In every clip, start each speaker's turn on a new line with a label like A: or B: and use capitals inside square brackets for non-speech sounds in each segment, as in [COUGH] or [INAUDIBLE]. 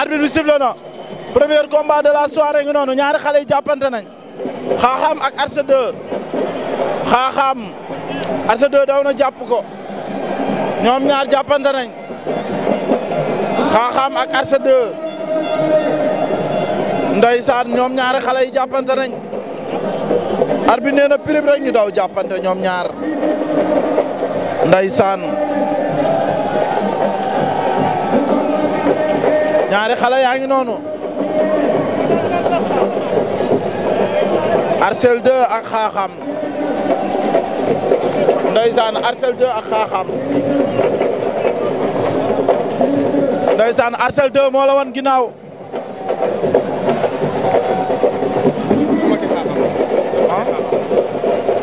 A: arbitre bi sifflé na premier combat de la soirée ngi noonu ñaari xale yi jàppante nañ xaaxaam ak Arce 2 xaaxaam Arce daw na jàpp ko ñoom ñaar jàppante nañ xaaxaam ak Arce 2 ndeysaan ñoom ñaari xale yi jàppante nañ arbitre nee na prime rek ñu daw jàppante ñoom ñaar ndeysaan ñaari xale yaa ngi noonu Arcel 2 ak xaaxam ndeysaan Arcel 2 ak xaaxam ndeysaan Arcel 2 moo wan ginnaaw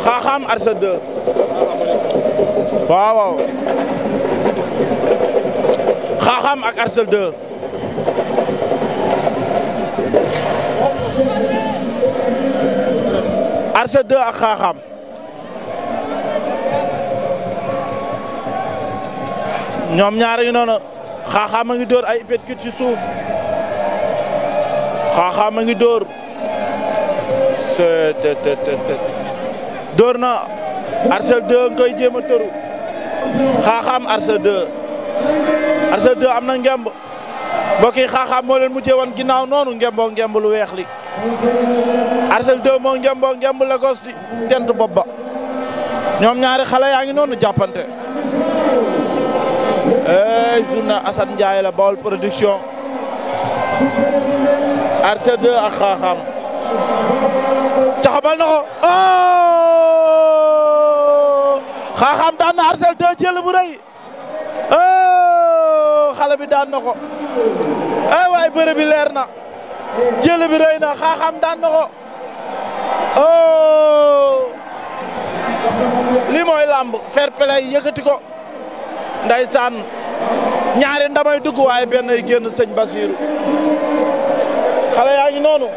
A: xaaxam Arcel 2 waaw xaaxam ak Arcel 2 marché 2 ak xaaxaam ñoom ñaar ngi noonu xaaxaam a ngi dóor ay uppercut ci suuf xaaxaam a ngi dóor dóor na Arcel 2 nga koy jéem a tëru xaaxaam Arcel 2 Arcel 2 am na ngemb mbokk yi xaaxaam moo leen mujjee woon ginnaaw noonu ngemboo ngemb lu weex li Arcel 2 moo njamboo njamb Lagos di tent bopp ñoom ñaari xale yaa ngi noonu jàppante ey journal Assane Ndiaye la Baol production Arcel 2 ak xaaxaam caxabal na ko oh! xaaxaam daan Arcel 2 jël bu rëy oh! xale bi daan na ko ay waay leer na jël bi rëy na xaaxam daan na ko oh li mooy làmb ñaari ndamay dugg waaye benn ay génn sëñ Basiru xale yaa ngi noonu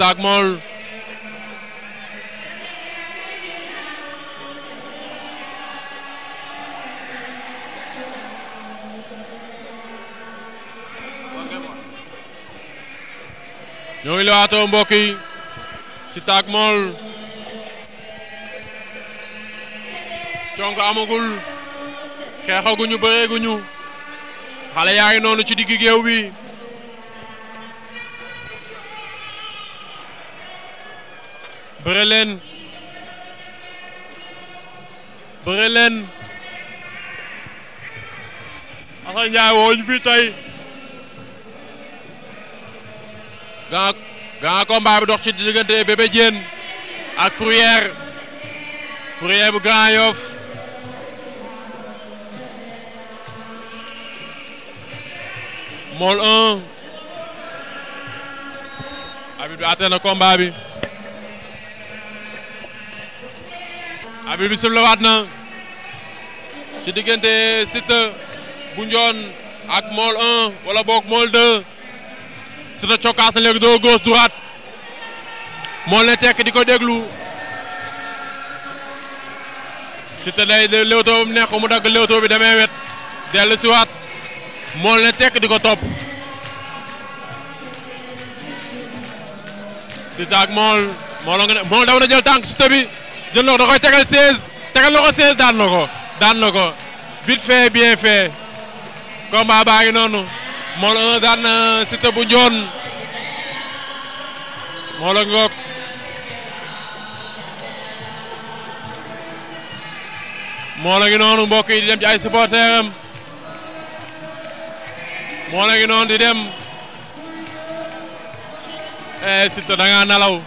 B: Dagmol. ñoo ngi lewaatoo mbokk yi si Dagmol cong amagul xeexaguñu bëreeguñu xale yaa ngi noonu ci digg géew bi bëre leen bëre leen Assane wooñu fi tey gan gan bi dox ci diggante Bébé ak Fourrière Fourrière bu Grand Yoff Mool 1 abit bi atte na bi abi bi sifle waat na ci diggante Siteu bu njoon ak mool 1 wala boog mool 2 Siteu cokkaas na léegi doo gauche mool ne tekk di ko déglu Siteu day léewtoo bu neex mu dagg léewtoo bi demee wet dellu mool ne tekk di ko topp Siteu ak mool mool nga mool daw na jël tànk Siteu bi jël na ko da koy tegal 16 tegal na ko daan na ko daan na ko vite fait bien fait combat baa ngi noonu Mawla un daan na Siteu bu Njoon Mawla ngoog noonu mbokk yi di dem ci ay supporteurs am Mawla noonu di dem eh Siteu da ngaa nalaw.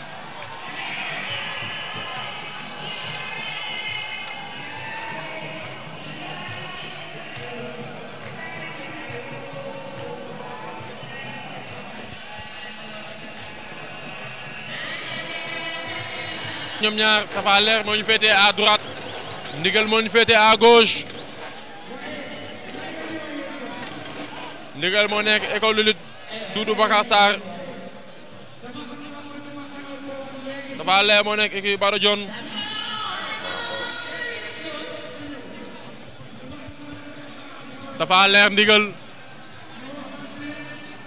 B: ñoom ñaar Tapha Leer moo ñu féetee à droite ndigal moo ñu féetee à gauche ndigal moo nekk école de lutte Doudou Baka Sarr Leer moo nekk équipe Bada Dione Leer ndigal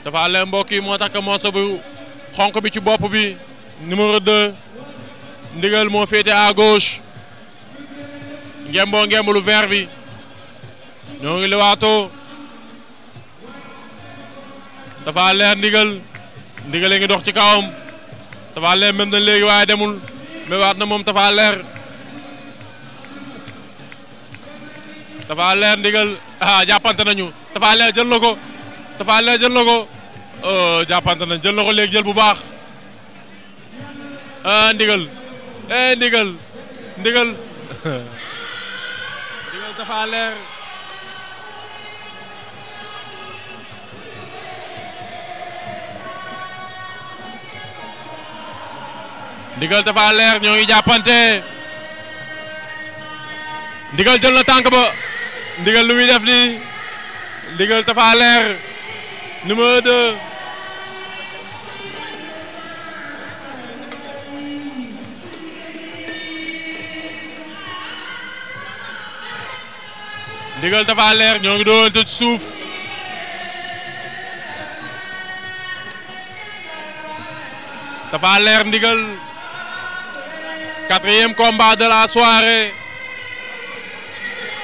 B: Tapha Leer mbokk yi moo takk moosa bu xonk bi ci bopp bi numéro 2 ndigal moo féete à gauche ngemboo ngemb lu vert bi ñoo ngi liwaatoo dafa leer ndigal ndigal a dox ci kawam dafa leer même na léegi waaye demul mais waat na moom dafa leer dafa leer ndigal [LAUGHS] ah jàppante nañu dafa leer jël na ko leer jël na ko oh, jàppante nañ jël na ko léegi jël bu baax ah ndigal eh ndigal ndigal ndigal leer ndigal dafa leer ñoo ngi jàppante ndigal jël na tànk ba ndigal lu muy def nii ndigal dafa leer numéro 2 ndigal dafa leer ñoo doon tëj suuf dafa ndigal quatrième combat de la soirée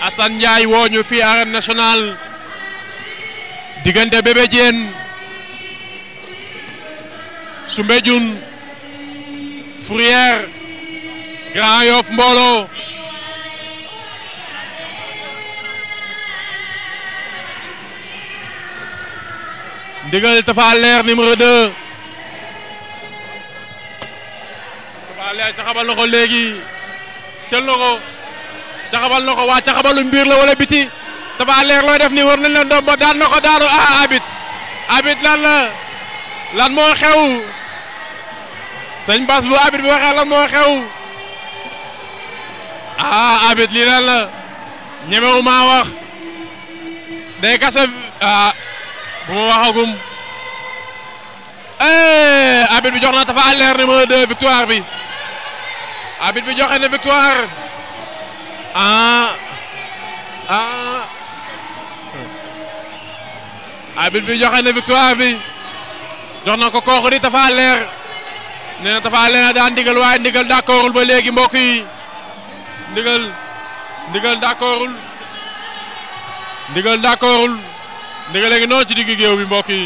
B: Assane woo ñu fii arène nationale diggante Bébé Diène Soumbédioune Grand Yoff Mbolo ndigal Tapha Leer numéro 2 Tapha Leer caxabal na léegi jël na ko caxabal na ko waa caxabalu mbir la wala biti Tapha Leer looy def nii war nañ la ndomba daan na ko daanu ah abit abit lan la lan moo xew sëñ Bass bu abit bi waxee lan moo xew ah abit lii lan la ñemewu maa wax day kase ah. bu ma waxagum eh, arbitre bi jox na Tapha Leer numéro 2 victoire bi arbitre bi joxe na victoire ah ah arbitre bi joxe na victoire bi jox na ko kooku di Tapha Leer nee na Tapha Leer daan ndigal waaye ndigal d'accordul ba léegi mbokk yi ndigal ndigal ndiga léegi noonu ci digg géew bi mbokk yi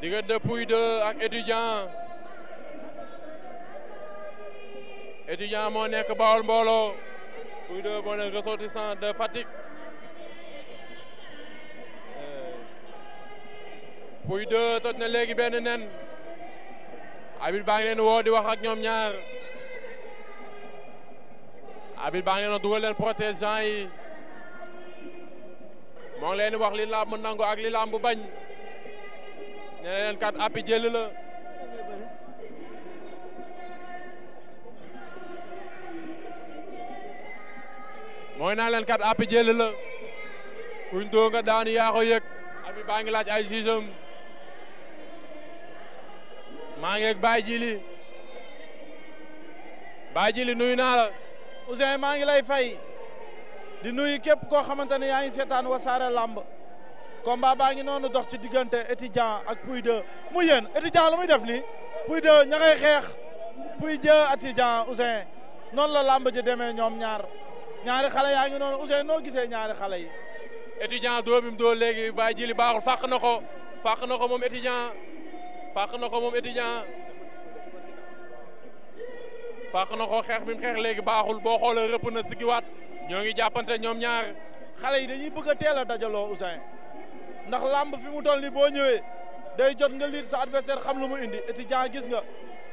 B: diggante Pouye 2 ak étudiant étudiant moo nekk Bawol mbooloo Pouye 2 moo de Fatick Pouye 2 na léegi benn nen abit baa ngi woo di wax ak ñoom ñaar abit baa ngi noonu dugal leen protégeant yi moo ngi leen wax li làmb nangu ak li làmb bañ ne leen kat api jël la mooy naa leen kat api jël la kuñ doo nga daanu yaa ko abi baa ngi laaj ay sisam
A: maa baay jili baay jili nuyu naa la Ouzin maa ngi lay fay di nuyu képp koo xamante ne yaa ngi seetaan wasaare lamb combat baa ngi noonu dox ci diggante étudiant ak Pouye 2 mu yéen étudiant lu muy def nii Pouye 2 ña ngay xeex Pouye 2 étudiant Ouzin noonu la làmb ji demee ñoom ñaar ñaari xale yaa ngi noonu Ouzin gisee ñaari xale yi. étudiant
B: doo bi mu doo léegi baaxul fàq na ko fàq na ko moom étudiant fàq na ko moom fàq na xeex bi xeex léegi baaxul boo xoolee rëpp na sigiwaat ñoo ngi jàppante ñoom ñaar. xale yi dañuy bëgg a teel a dajaloo
A: Ousseyn ndax làmb fi mu toll ni boo ñëwee day jot nga liir sa adversaire xam lu mu indi étudiant gis nga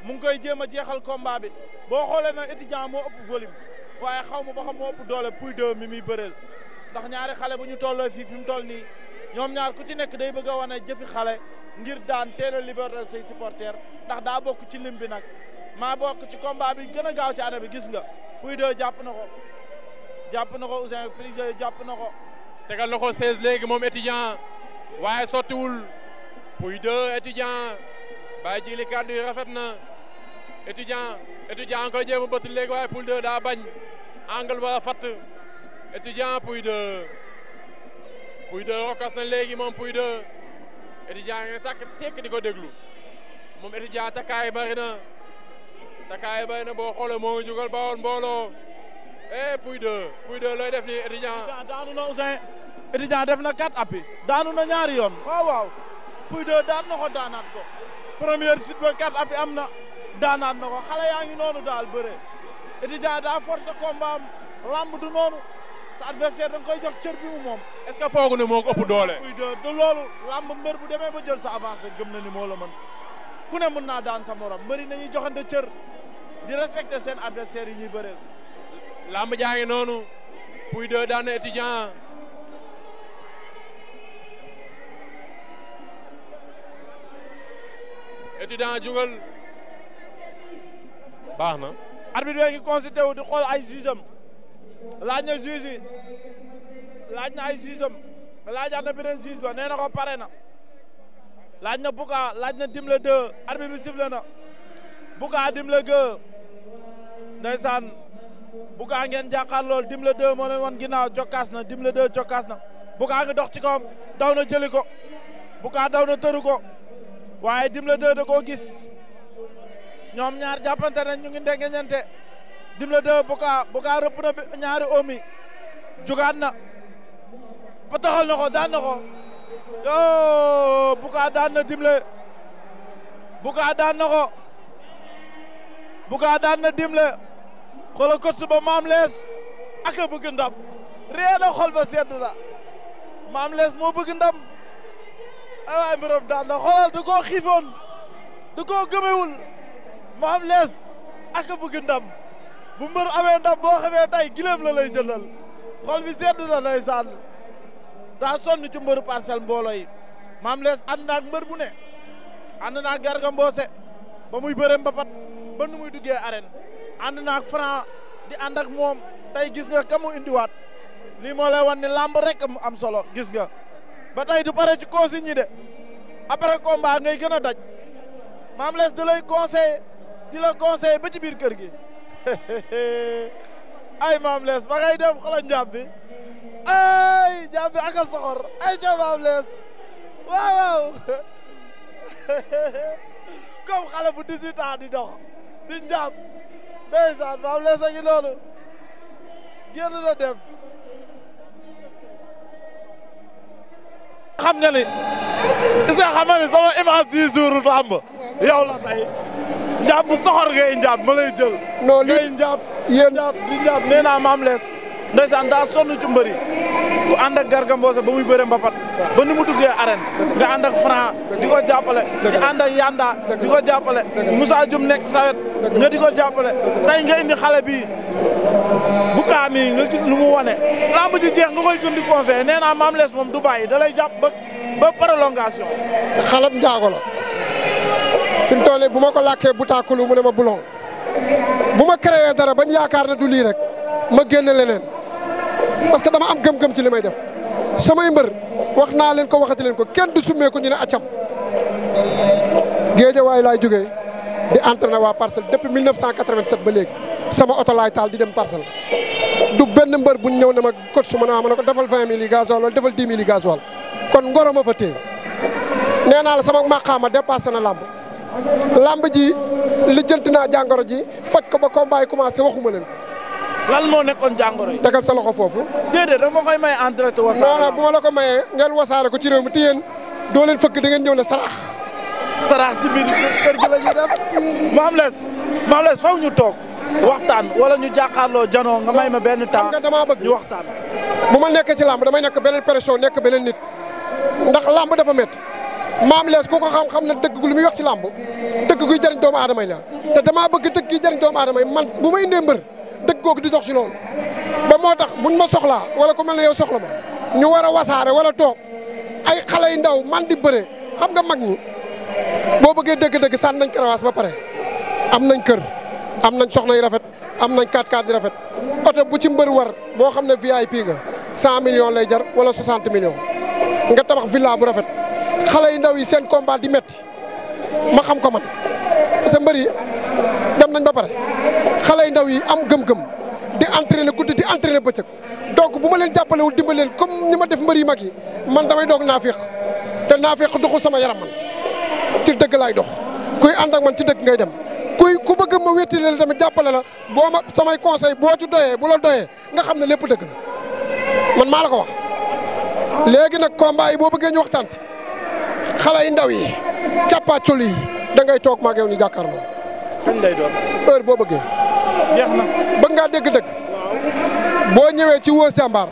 A: mu ngi koy jéem a jeexal combat bi boo xoolee nag étudiant moo ëpp volume waaye xaw ma ba xam moo ëpp doole puy deux mi muy bëreel ndax ñaari xale bu ñu tolloo fii fi mu toll nii ñoom ñaar ku ci nekk day bëgg a wane jëfi xale ngir daan teel a libérer say ndax daa bokk ci lim bi nag maa bokk ci combat bi gën a gaaw ci bi gis nga Pouye 2 jàpp na ko jàpp na ko Ouzin jàpp na ko tegal na ko 16
B: léegi moom étudiant waaye sottiwul Pouye 2 étudiant bàyyi jili kàddu yi rafet na étudiant étudiant koy jéem a bëtt léegi waaye Pouye 2 daa bañ angle ba fatt étudiant Pouye 2 Pouye 2 rokkas na léegi moom Pouye 2 étudiant nga tàkk tekk di ko déglu moom étudiant takkaay bari na Takay bay na boo xoolee moo ngi jugal Bawol mbooloo eh Pouye 2 Pouye 2 looy def nii étudiant.
A: daanu na Ousseyn étudiant def na 4 appuis. daanu na ñaari yoon. waaw waaw Pouye 2 daan na ko daanaat ko. première chute ba 4 appuis am na daanaat na ko xale yaa ngi noonu daal bëre étudiant daa force combat am lamb du noonu sa adversaire da ko koy cër bi mu moom. est ce que foogu ne moo ko ëpp doole. Pouye 2 du loolu lamb mbër bu demee ba jël sa avance gëm na ni moo la mën ku ne mën naa daan sa morom mbëri nañuy joxante cër. di respecter seen adversaire yi ñuy bëreel. làmb jaa ngi noonu. Pouye 2 daan na étudiant. étudiant jugal. baax na. arbitre ngi consulté wu di xool ay jugeem laaj na juge yi laaj na ay jugeem laajaat na beneen juge ba nee ko pare na. laaj na Bouka laaj na Dimle 2 arbitre bi sifflé na Bouka Dimle 2. ndeysaan bugaa ngeen jàkkaar lool Dimle 2 moo leen wan ginnaaw jokkaas Dimle 2 jokkaas na ngi dox ci daw na jëli ko bugaa daw na tëru ko waaye Dimle 2 da koo gis ñoom ñaar jàppante nañ ñu ngi ndengeñante Dimle 2 bugaa bugaa ñaari omi jugaat na ko daan ko yoo bugaa daan Dimle bugaa daan ko bugaa daan Dimle xoola coach ba Mame Less ak bëgg ndam ree na xol ba sedd na Mame Less moo bëgg ndam ay waay mbiram daan na xoolal du koo xiifoon du koo gëmewul Mame Less ak bëgg ndam bu mbër amee ndam boo xamee tey gileem la lay jëlal xol bi sedd na lay sànn daa sonn ci mbëru parcelle mbooloo yi Mame Less naag mbër bu ne ànd naag Garga Mbossé ba muy bëre mbapat ba nu muy duggee arène ànd naak Franc di ànd moom tey gis nga ka mu indiwaat lii wan ni làmb rek am solo gis nga ba tey du pare ci consigne yi de après combat ngay gën a daj Mame Less di lay di la conseillé ba ci biir kër gi [LAUGHS] ay Mame Less ba dem xoolal njàpp bi ay njàpp bi ak a soxor ay ca Mame Less waaw waaw [LAUGHS] xale bu 18 di dox di njàpp ndeysaan Pape Less a ngi noonu génn na dem xam nga ni gis nga xam nga ni sama image du la tey njàpp soxor ngay njàpp ma lay jël non li ngay njàpp yéen nee naa Mame Less ndeysaan daa sonn ci mbëri ku ànd ba muy bëre mbapat ba ni mu duggee arène nga ànd ak di ko jàppale di ànd Yanda di ko jàppale Moussa Dioum nekk sawet nga di ko jàppale tey nga indi xale bii bu kaam yi nga lu mu wane lamb ji jeex nga koy gën di conseillé nee lees moom du
C: bàyyi da lay jàpp ba ba prolongation xalab njaago la fi mu toll bu ma ko làkkee bu taakulu mu ne ma bulon bu ma créé dara bañ yaakaar ne du lii rek ma génn leneen parce que dama am gëm-gëm ci li may def samay mbër wax naa leen ko waxati leen ko kenn du summee ko ñu ne acam géejawaay laay jóge di entraîné waa parcelle depuis 1987 ba léegi sama oto laay taal di dem parcelle du benn mbër bu ñëw ne ma coach su ma naa ma na ko defal 20 000 yi gasoil wala defal 10 000 yi gasoil kon ngoro ma fa téye nee naa la sama maqaama dépassé na làmb làmb ji lijjanti naa jàngoro ji faj ko ba combat yi waxuma leen lan moo nekkoon jàngoro yi. tegal sa loxo foofu. déedéet dama koy may en direct wasaare. non la ko mayee ngeen wasaare ko ci réew mi te yéen doo leen fëgg a ngeen ñëw ne saraax. saraax ci biir kër gi la ñuy def maam lees faw ñu toog waxtaan wala ñu jàkkaarloo janoo nga may ma benn temps ñu waxtaan. bu ma nekkee ci làmb damay nekk beneen pression nekk beneen nit ndax làmb dafa métti maam lees ku ko xam-xam na dëgg lu muy wax ci làmb dëgg guy jëriñ doomu aadama yi la te damaa bëgg dëgg gi jëriñ aadama yi man bu ma indee dëgg kooku di dox si loolu ba moo tax buñ ma soxlaa wala ku mel na yow soxla ma ñu war a wasaare wala toog ay xale yu ndaw man di bëre xam nga mag ñi boo bëggee dëgg-dëgg sànn nañ karawaas ba pare am nañ kër am nañ soxna yu rafet am nañ 4x4 yu rafet oto bu ci mbër war boo xam ne VIP nga 100 million lay jar wala 60 millions nga tabax villa bu rafet xale yu ndaw yi seen combat di metti ma xam ko man sa mbër yi dem nañ ba pare xale yu ndaw yi am gëm-gëm di entraîner ku di entraîner bëccëg donc bu ma leen jàppalewul dimbal leen comme ni ma def mbër yi mag yi man damay doog naafiq te naafiq doxul sama yaram man ci dëgg laay dox kuy ànd ak man ci dëgg ngay dem kuy ku bëgg ma wétti leen tamit jàppale la boo ma samay conseil boo ci doyee bu la doyee nga xam ne lépp dëgg la man maa la ko wax léegi nag combat yi boo bëggee ñu waxtaan xale yi ndaw yi càppaacul yi da ngay toog maa ngi ñu jàkkaarloo. kañ lay doon. heure boo bëggee. jeex na bëgg ngaa dégg-dëgg. boo ñëwee ci Weur Sàmbaar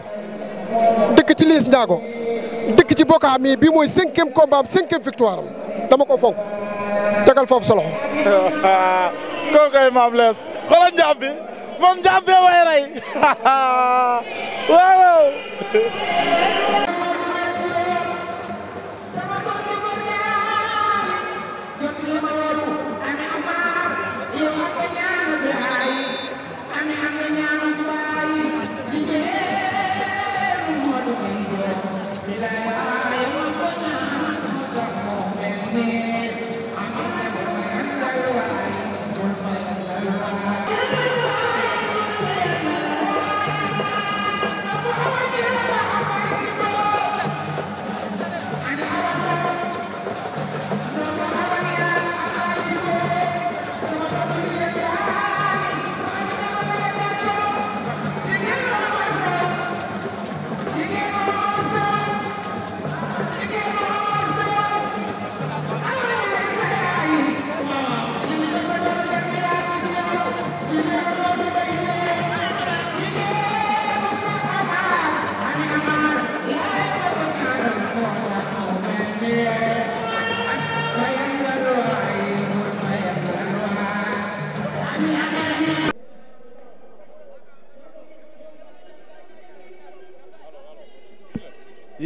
C: dëkk ci Liis Ndiago dëkk ci Boka mii bii mooy cinquième combat am cinquième victoire dama ko fonk tegal foofu sa loxo. [LAUGHS] maam lees xoolal njaam moom njaam way
A: rey [LAUGHS] waaw.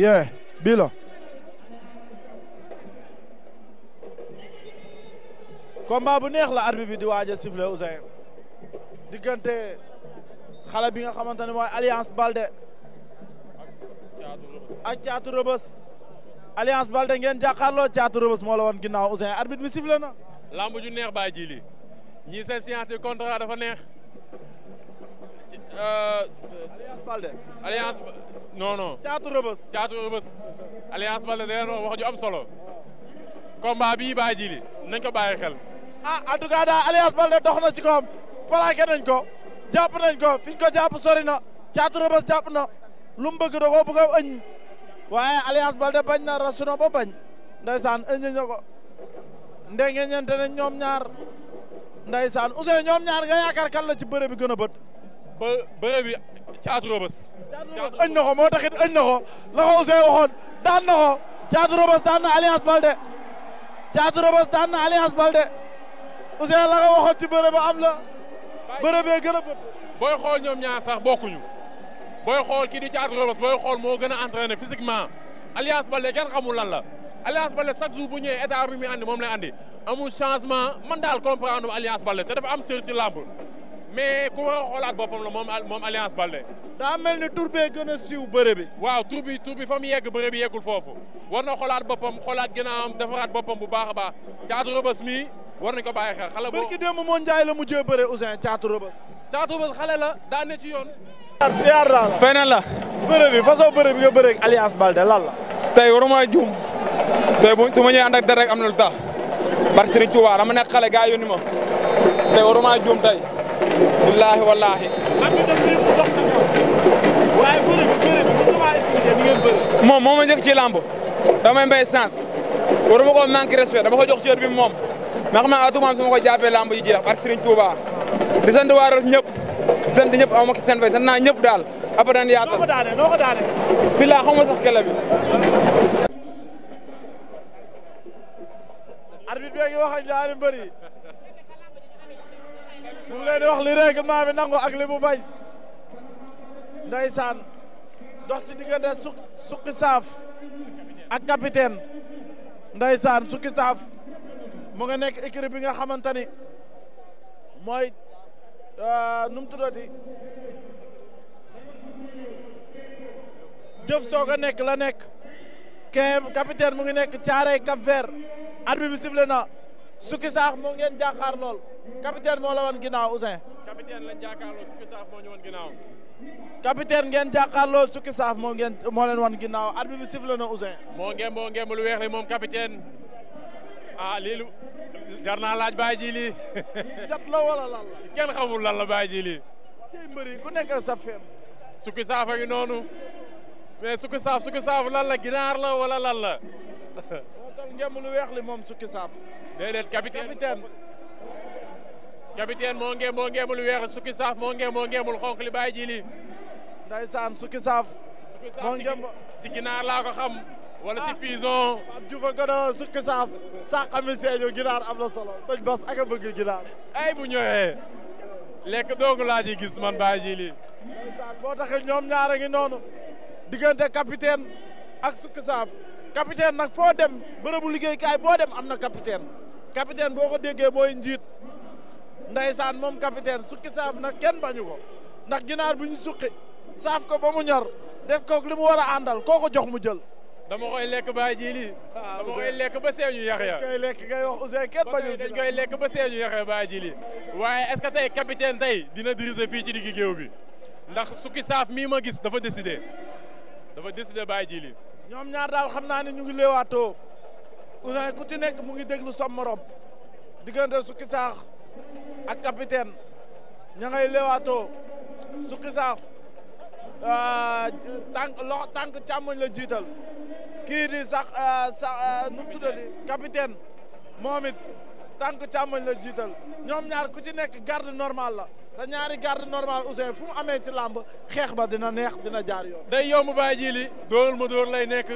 A: Yeah, Bila. combat bu neex la arbitre bi di waaj a siffler diggante xale bi nga xamante ne mooy alliance Balde ak caatu rëbës alliance Balde ngeen jàkkaarloo caatu rëbës moo la woon ginnaaw Ousseyn arbitre bi siffler na.
B: lamb ju neex baa ji lii ñii seen séance de contrat dafa neex.
A: Euh, alliance Balde
B: non non caatu rëbës caatu rëbës alliance Baldé da leen wax ji ju am solo combat bii baa nañ ko bàyyi
C: xel
A: ah en tout cas daal dox na ci kawam plaqué nañ ko jàpp nañ ko fiñ ko jàpp sori na caatu rëbës jàpp na lu mu bëgg da koo bëgg a ëñ waaye alliance Baldé bañ na rasu na ba bañ ndeysaan ëññ na ko ndengeñente nañ ñoom ñaar ndeysaan Ousseyn ñoom ñaar nga yaakaar kan la ci bëre bi gën a bët ba bëre bi caatu robas. na ko moo taxit ëñ na ko la ko Ousseyn waxoon daan na ko caatu robas daan na alliance Balde caatu robas daan na alliance Balde la ko ci bëre ba am la bëre bee a bëpp. booy xool
B: ñoom ñaar sax bokkuñu booy xool kii di caatu robas booy xool moo gën a entraîné physiquement alliance Balde kenn xamul lan la. Alliance Baldé chaque jour bu ñëwee état bi muy andi moom lay andi amul changement man daal comprendre alliance Baldé te dafa am cër ci làmb mais ku war a boppam la moom moom alliance Baldé. daa mel ni tur bee gën a siiw bëre bi. waaw tur bi tur bi fa mu yegg bëre bi yeggul foofu war na xoolaat boppam xoolaat ginnaawam defaraat boppam bu baax a baax caatu rëbës mii war nañ ko bàyyi xel xale boo. barki
A: démb moo njaay la mujjee bëre Ousin caatu rëbës. caatu rëbës xale la daan ne ci yoon. siyaar la fay na la. bëre bi façon bëre bi bëre ak alliance Baldé lal la. tey waruma juum tey bu su ma ñëwee ànd ak dara am na lu tax. barke Serigne Touba
B: dama
C: nekk xale gaa yónni ma tey waruma billaahi waaye bëre bi bëre bi mën maa expliqué ni ngeen bëre.
A: moom moo ma njëkk
B: ci làmb damay mbay sens waruma ko manqué dama ko jox cër bi moom ndax man à tout moment su ma ko jàppee làmb ji jeex ak Serigne Touba di sant waa Ross ñëpp di sant ñëpp aw
A: ma ki seen naa ñëpp daal. abadan yaatal noo ko daane noo mu ngi leen wax li règlement bi nangu ak li mu bañ saan dox ci diggante su suqi saaf ak capitaine saan sukki saaf mu nga nekk écurie bi nga xamante ni mooy euh, nu mu tuddati jëf soog nekk la nekk ke capitaine mu ngi nekk caarey Cap Vert arbitre bi sifle na sukki saax moo ngeen jàkkaar nool capitaine moo la woon ginnaaw Ousseyn.
B: capitaine lañ jàkkaarloo sukki saaf moo ñu ginnaaw.
A: capitaine ngeen jàkkaarloo sukki saaf moo ngeen moo leen woon ginnaaw arbitre bi sifflé
B: moo ngeen moo ngeen lu weex li moom capitaine ah lii lu laaj bàyyi [LAUGHS] jat la wala lan la. xamul lan la bàyyi ji
A: ku nekk sa feem.
B: sukki saaf a ngi noonu mais sukki saaf sukki ginaar la wala lan la.
A: moo tax ngeen lu weex moom sukki saaf.
B: déedéet capitaine capitaine moo ngee moo ngeemul weex sukki saaf moo ngee moo ngeemul xonk li bàyyi ji lii
A: ndaysaan sukki saaf
B: ginaar laa ko xam
A: wala ci ah. pison Pape Diouf a gën a sukki saaf saqami ginaar am na solo sëñ Bas ak a bëgg ginaar ay bu ñëwee lekk doog laa i gis man bàyyi ji lii ndaysaan boo taxee ñoom ñaar ngi noonu diggante capitaine ak sukki saaf capitaine nag foo dem bërëbu liggéeykaay boo dem am na capitaine capitaine boo ko déggee booy njiit ndeysaan moom capitaine sukki saaf nag kenn bañu ko ndax ginaar bu ñu sukki saaf ko ba mu ñor def ko li mu war a àndal koo ko jox mu jël
B: dama koy lekk bàyyi ji lii ah, dama koy lekk ba seew ñu ya lekk ngay wax Ousseyn kenn bañu dañ koy lekk ba seew ñu yaxe bàyyi ji lii waaye est tey capitaine tey dina diriger fii ci diggi géew bi ndax sukki saaf mii ma gis dafa décidé dafa décidé bàyyi ji lii
A: ñoom ñaar daal xam naa ne ñu ngi léewaatoo Ousseyn ku ci nekk mu ngi déglu som morom diggante sukki saax ak capitaine ña ngay lewaatoo Sukki Saaf euh, tànk loxo tànk càmmoñ la jiital kii di sax euh, sax euh, nu mu tuddati capitaine moom it tànk càmmoñ la jiital ñoom ñaar ku ci nekk garde normal la te ñaari garde normal Ousseyn fu mu amee ci làmb xeex ba dina neex dina jaar yoon. day yomb bàyyi ji li dóoral ma dóor lay nekk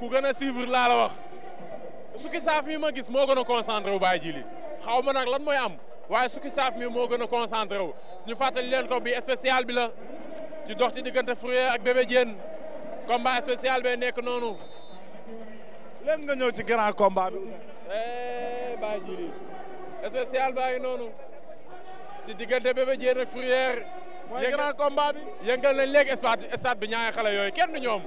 B: ku gën a suivre laa la wax Sukki Saaf mi ma gis moo gën a concentré wu bàyyi xaw ma nag lan mooy am. waaye sukki saaf mi moo gën a concentré wu ñu fàttali leen ko bi spécial bi la ci dox ci diggante Fourrière ak Bébé Diène combat spécial bee nekk noonu.
A: leen nga ñëw ci grand combat bi. Eh,
B: baa jili spécial baa ngi noonu ci diggante Bébé Diène ak Fourrière. mooy grand
A: combat bi yëngal nañ léegi stade stade bi ñaari xale yooyu kenn du ñoom.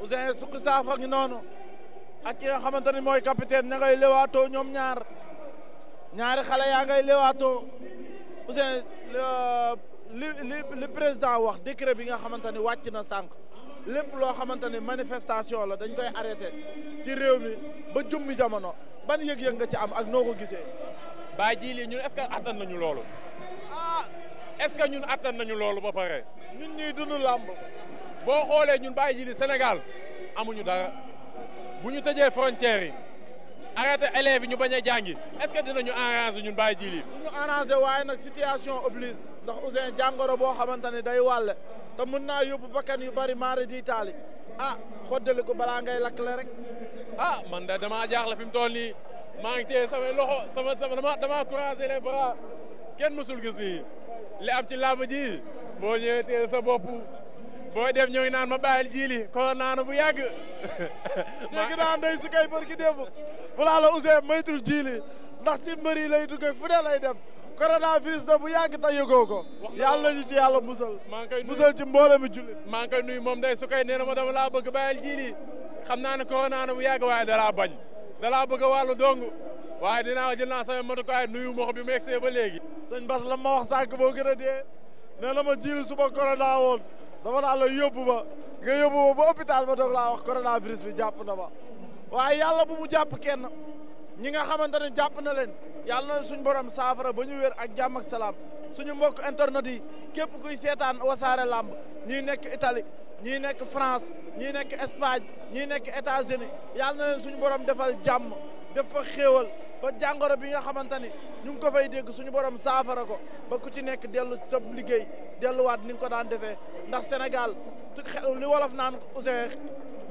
A: Ousseyn Sukki Saaf ak noonu ak ki nga xamante ni mooy capitaine ña ngay lewaatoo ñoom ñaar. ñaari xale yaa ngay leewaatoo Ousseyn li li li président wax décret bi nga xamante ni wàcc na sànq lépp loo xamante ni manifestation la dañ koy arrêté ci réew mi ba jummi jamono ban yëg-yëg nga ci am ak noo ko gisee. baa ji ñun est-ce que attan nañu loolu. ah
B: est-ce que ñun attan nañu loolu ba pare. ñun ñuy dund làmb. boo xoolee ñun ba ji senegal amuñu dara bu ñu tëjee frontières yi. arrêté élèves yi ñu bañ a jàngi
A: est-ce que dinañu ñun bàyyi ji lii. ñu arranger waaye nag situation oblige ndax Ousseyn jàngoro boo xamante ne day wàlle te mën naa yóbbu bakkan yu bari maari di taali ah xoddali ko balaa ngay lakkle rek.
B: a ah, man da damaa jaaxle fi mu toll nii maa ngi téye samay loxo sama sama dama damaa croiser les kenn mësul gis nii li am ci làmb ji boo ñëwee téye sa bopp. booy def ñoo ngi naan ma bàyyil jiili
A: ko bu yàgg. léegi [LAUGHS] naa ndey si kay barki démb balaa la Ousseyn maytul jiili ndax ci mbër yi lay dugg fu ne lay dem coronavirus da bu yàgg ta yëgoo ko. yàlla ñu ci yàlla musal. maa koy musal ci mbooloo mi jullit. maa ngi nuyu moom day su kay nee na ma
B: dama laa bëgg bàyyil jiili xam naa ne ko naanu bu yàgg waaye dalaa bañ dalaa bëgg wàllu dong
A: waaye dinaa jël naa sama matukaay nuyu ma ko bi mu egsee ba léegi. sëñ Bas la ma wax sànq boo gën a dee nee na ma jiili suba corona woon dama naa la yóbbu ba nga ba ba hôpital ba doog laa wax coronavirus bi jàpp na ba waaye yàlla bu mu jàpp kenn ñi nga xamante ne jàpp na leen yàlla na suñu borom saafara ba ñu wér ak jàmm ak salaam suñu mbokk internet yi képp kuy seetaan wasaare làmb ñii nekk Italie ñii nekk France ñii nekk Espagne ñii nekk États-Unis yàlla na leen suñu borom defal jàmm def fa xéewal ba jàngoro bi nga xamante ni ñu ngi ko fay dégg suñu borom saafara ko ba ku ci nekk dellu sa liggéey delluwaat ni nga ko daan defee ndax Sénégal li wolof naan Ousseyn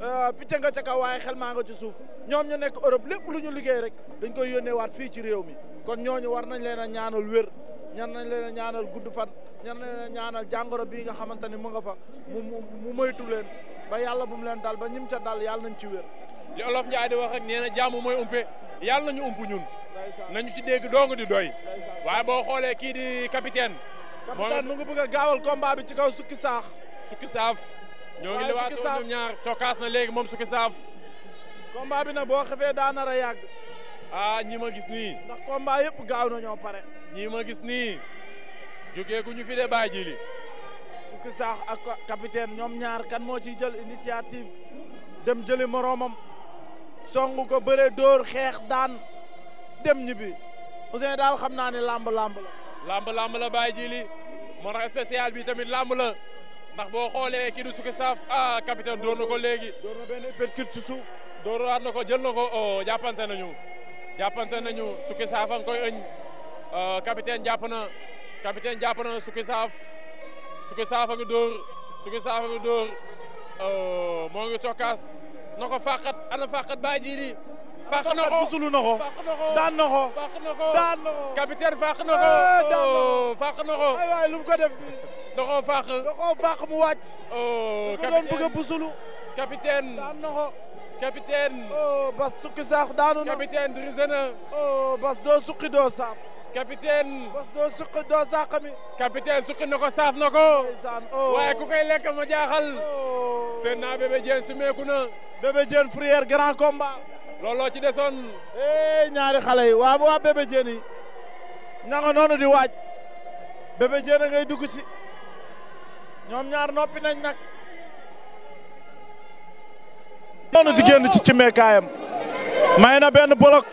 A: euh, picc nga ca kaw waaye xel maa nga ci suuf ñoom ñu nekk Europe lépp lu ñu liggéey rek dañ koy yónneewaat fii ci réew mi kon ñooñu war nañ leen a ñaanal wér ñan nañ leen a ñaanal gudd fan ñan nañ a ñaanal jàngoro bii nga xamante ni mu nga fa mu mu moytu leen ba yàlla bu mu leen dal ba ñim ca dal yàlla nañ ci we li mooy umpe. yàlla
B: nañu ump ñun nañu ci dégg dong di doy waaye boo xoolee kii di capitaine. capitaine mu ngi bëgg a gaawal combat bi ci kaw sukki saax. sukki saaf ñoo ngi lewaatu ñoom ñaar cokaas na léegi moom sukki saaf. combat bi nag boo xefee daa nar a yàgg.
A: ah ñi ma gis nii. ndax combat gaaw na pare. ñi ma gis nii jógee ku ñu fi de bàyyi ji ak capitaine ñoom ñaar kan moo ci jël initiative dem jëli moroomam. song ko bëre dóor xeex daan dem ñibbi Ouzin daal xam naa ne làmb làmb la. lamb lamb la bàyyi ji li
B: moo tax spécial bi tamit làmb la ndax boo xoolee kii du suki saaf ah capitaine dóor na ko léegi. dóor na benn percute ci suuf. dóoraat na ko jël na ko oh jàppante nañu jàppante nañu suki saaf a ngi koy ëñ euh, capitaine jàpp na capitaine jàpp na suki saaf suki saaf a ngi dóor suki saaf a ngi dóor oh, moo ngi cokkaas. na ko faqat ana faqat baa jiili. faq na ko faq
A: na daan na daan na ko.
B: capitaine faq na ko faq na
A: mu ko def bi da koo da a busulu. capitaine daan Bas sukki saako daanu na. capitaine brise na. Bas doo sukki doo saako. capitaine bos doo ko
B: saaf na ko oh. waaye ku koy lekk ma jaaxal
A: oh. seen naa bébé na bébé Diène Fourrière grand combat ci desoon eh ñaari xale yi waa waa bébé noonu di waaj bébé Diène a ngay dugg si ñoom ñaar noppi nañ nag noonu di génn ci ci meekaayam may na benn bolok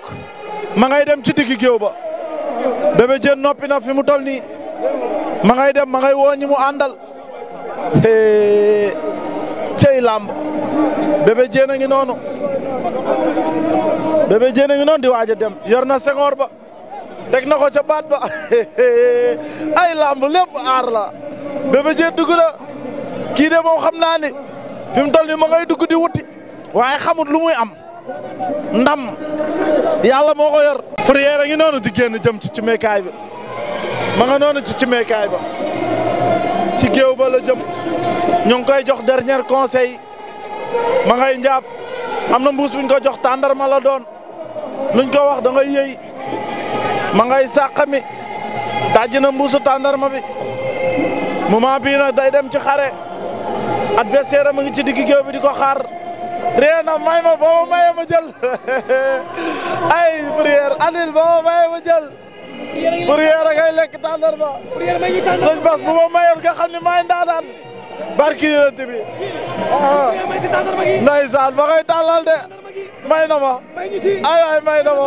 A: ma dem ci digg géew ba Bébé Diène noppi na fi mu tol nii ma ngay dem ma ngay woo ñi mu àndal cey làmb Bébé Diène a ngi noonu Bébé Diène a ngi noonu di waaj dem yor na sengoor ba teg na ko ca baat ba ay làmb lépp aar la Bébé Diène dugg kii de moom xam naa ni fi mu tol nii ma ngay dugg di wuti waaye xamut lu muy am ndam yàlla moo ko yor. fourrière a ngi noonu di génn jëm ci ci meekaay bi ma nga noonu ci ci meekaay ba ci géew ba la jëm ñu ngi koy jox dernier conseil ma ngay njaab am na mbuus buñ ko jox tàndarma la doon luñ ko wax da ngay yëy ma ngay sàqami dajji na mbuusu tàndarma bi moment bii nag day dem ci xare adversaire ma ngi ci digg géew bi di ko xaar. ree na may ma boo jël ay prière alil boo ma mayee ma jël prière [LAUGHS] a ngay lekk tàndar ba sëñ Bas bu ma mayoon nga xam ne maay ndaanaan barki yonent bi ah. ndeysaan ba koy tàllal de may na ay waay may na ma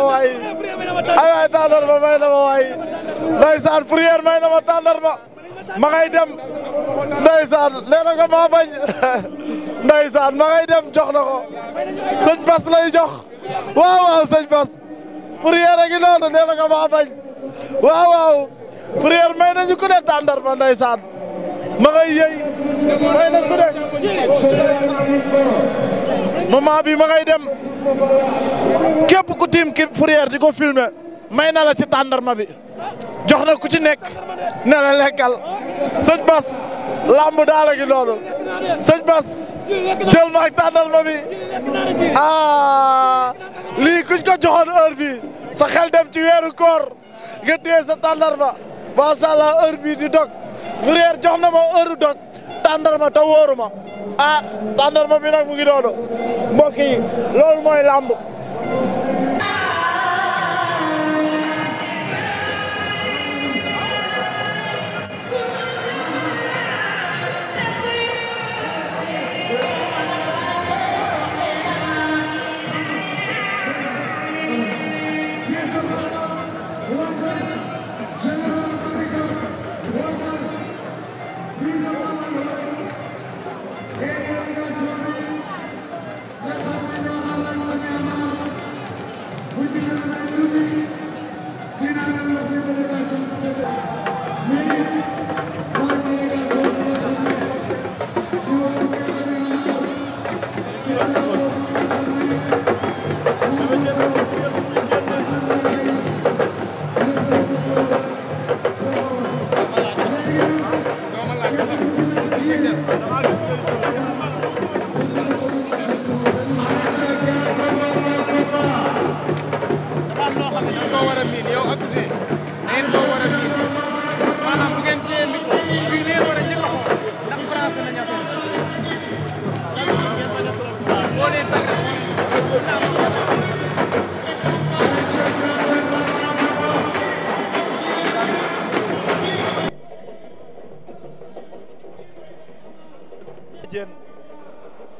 A: ay waay tàndar ba may na ma waay ndeysaan prière may na ba ma ngay dem ndeysaan nee na ko maa bañ [LAUGHS] ndeysaan ma ngay dem jox na ko sëñ Bas lay jox waaw waaw sëñ Bas fourrière a ngi noonu nee na maa bañ waaw waaw fourrière may nañu ku ne tàndarma ndeysaan ma ngay yëy may na ku ne moment bi ma ngay dem képp ku tiim ki fourrière di ko filmer may na la ci tàndarma bi jox na ku ci nekk ne la lekkal sëñ Bas làmb daala gi noonu sëñ Bas jël ma ak ma bi ah lii kuñ ko joxoon heure bi sa xel dem ci weeru koor nga téye sa tàndarma macha allah heure bii di dog Fourrière jox na ma heure dog tàndarma te wóoru ma ah tàndarma bi nag mu ngi doonu mbokk yi loolu mooy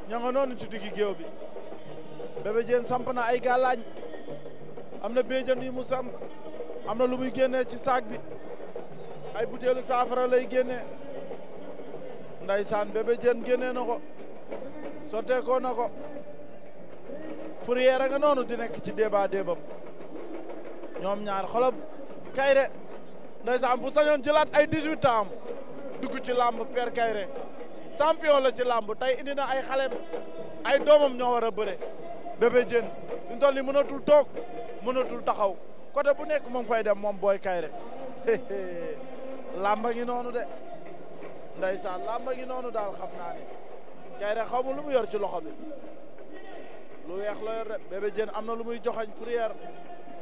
A: ña nga noonu ci diggi géew bi Bébé Diène samp na ay gàllaañ am na béjjën yu mu samp am na lu muy génnee ci saak bi ay butéelu saafara lay génnee ndaysaan Bébé Diène génnee na ko sotteekoo na ko Fourrière a noonu di nekk ci débat débam ñoom ñaar xolob Kayre ndaysaan bu sañoon jëlaat ay 18 ans dugg ci làmb Père Kayre champion la ci làmb tey indi na ay xale ay doomam ñoo war a bëre Bébé Diène ñu toll mënatul toog mënatul taxaw côté bu nekk mu ngi fay dem moom Boy Kayre [LAUGHS] làmba ngi noonu de ndeysaan làmba ngi noonu daal xam naa Kayre xaw ma lu mu yor ci loxo bi lu weex la de Bébé am na lu muy joxañ Fourrière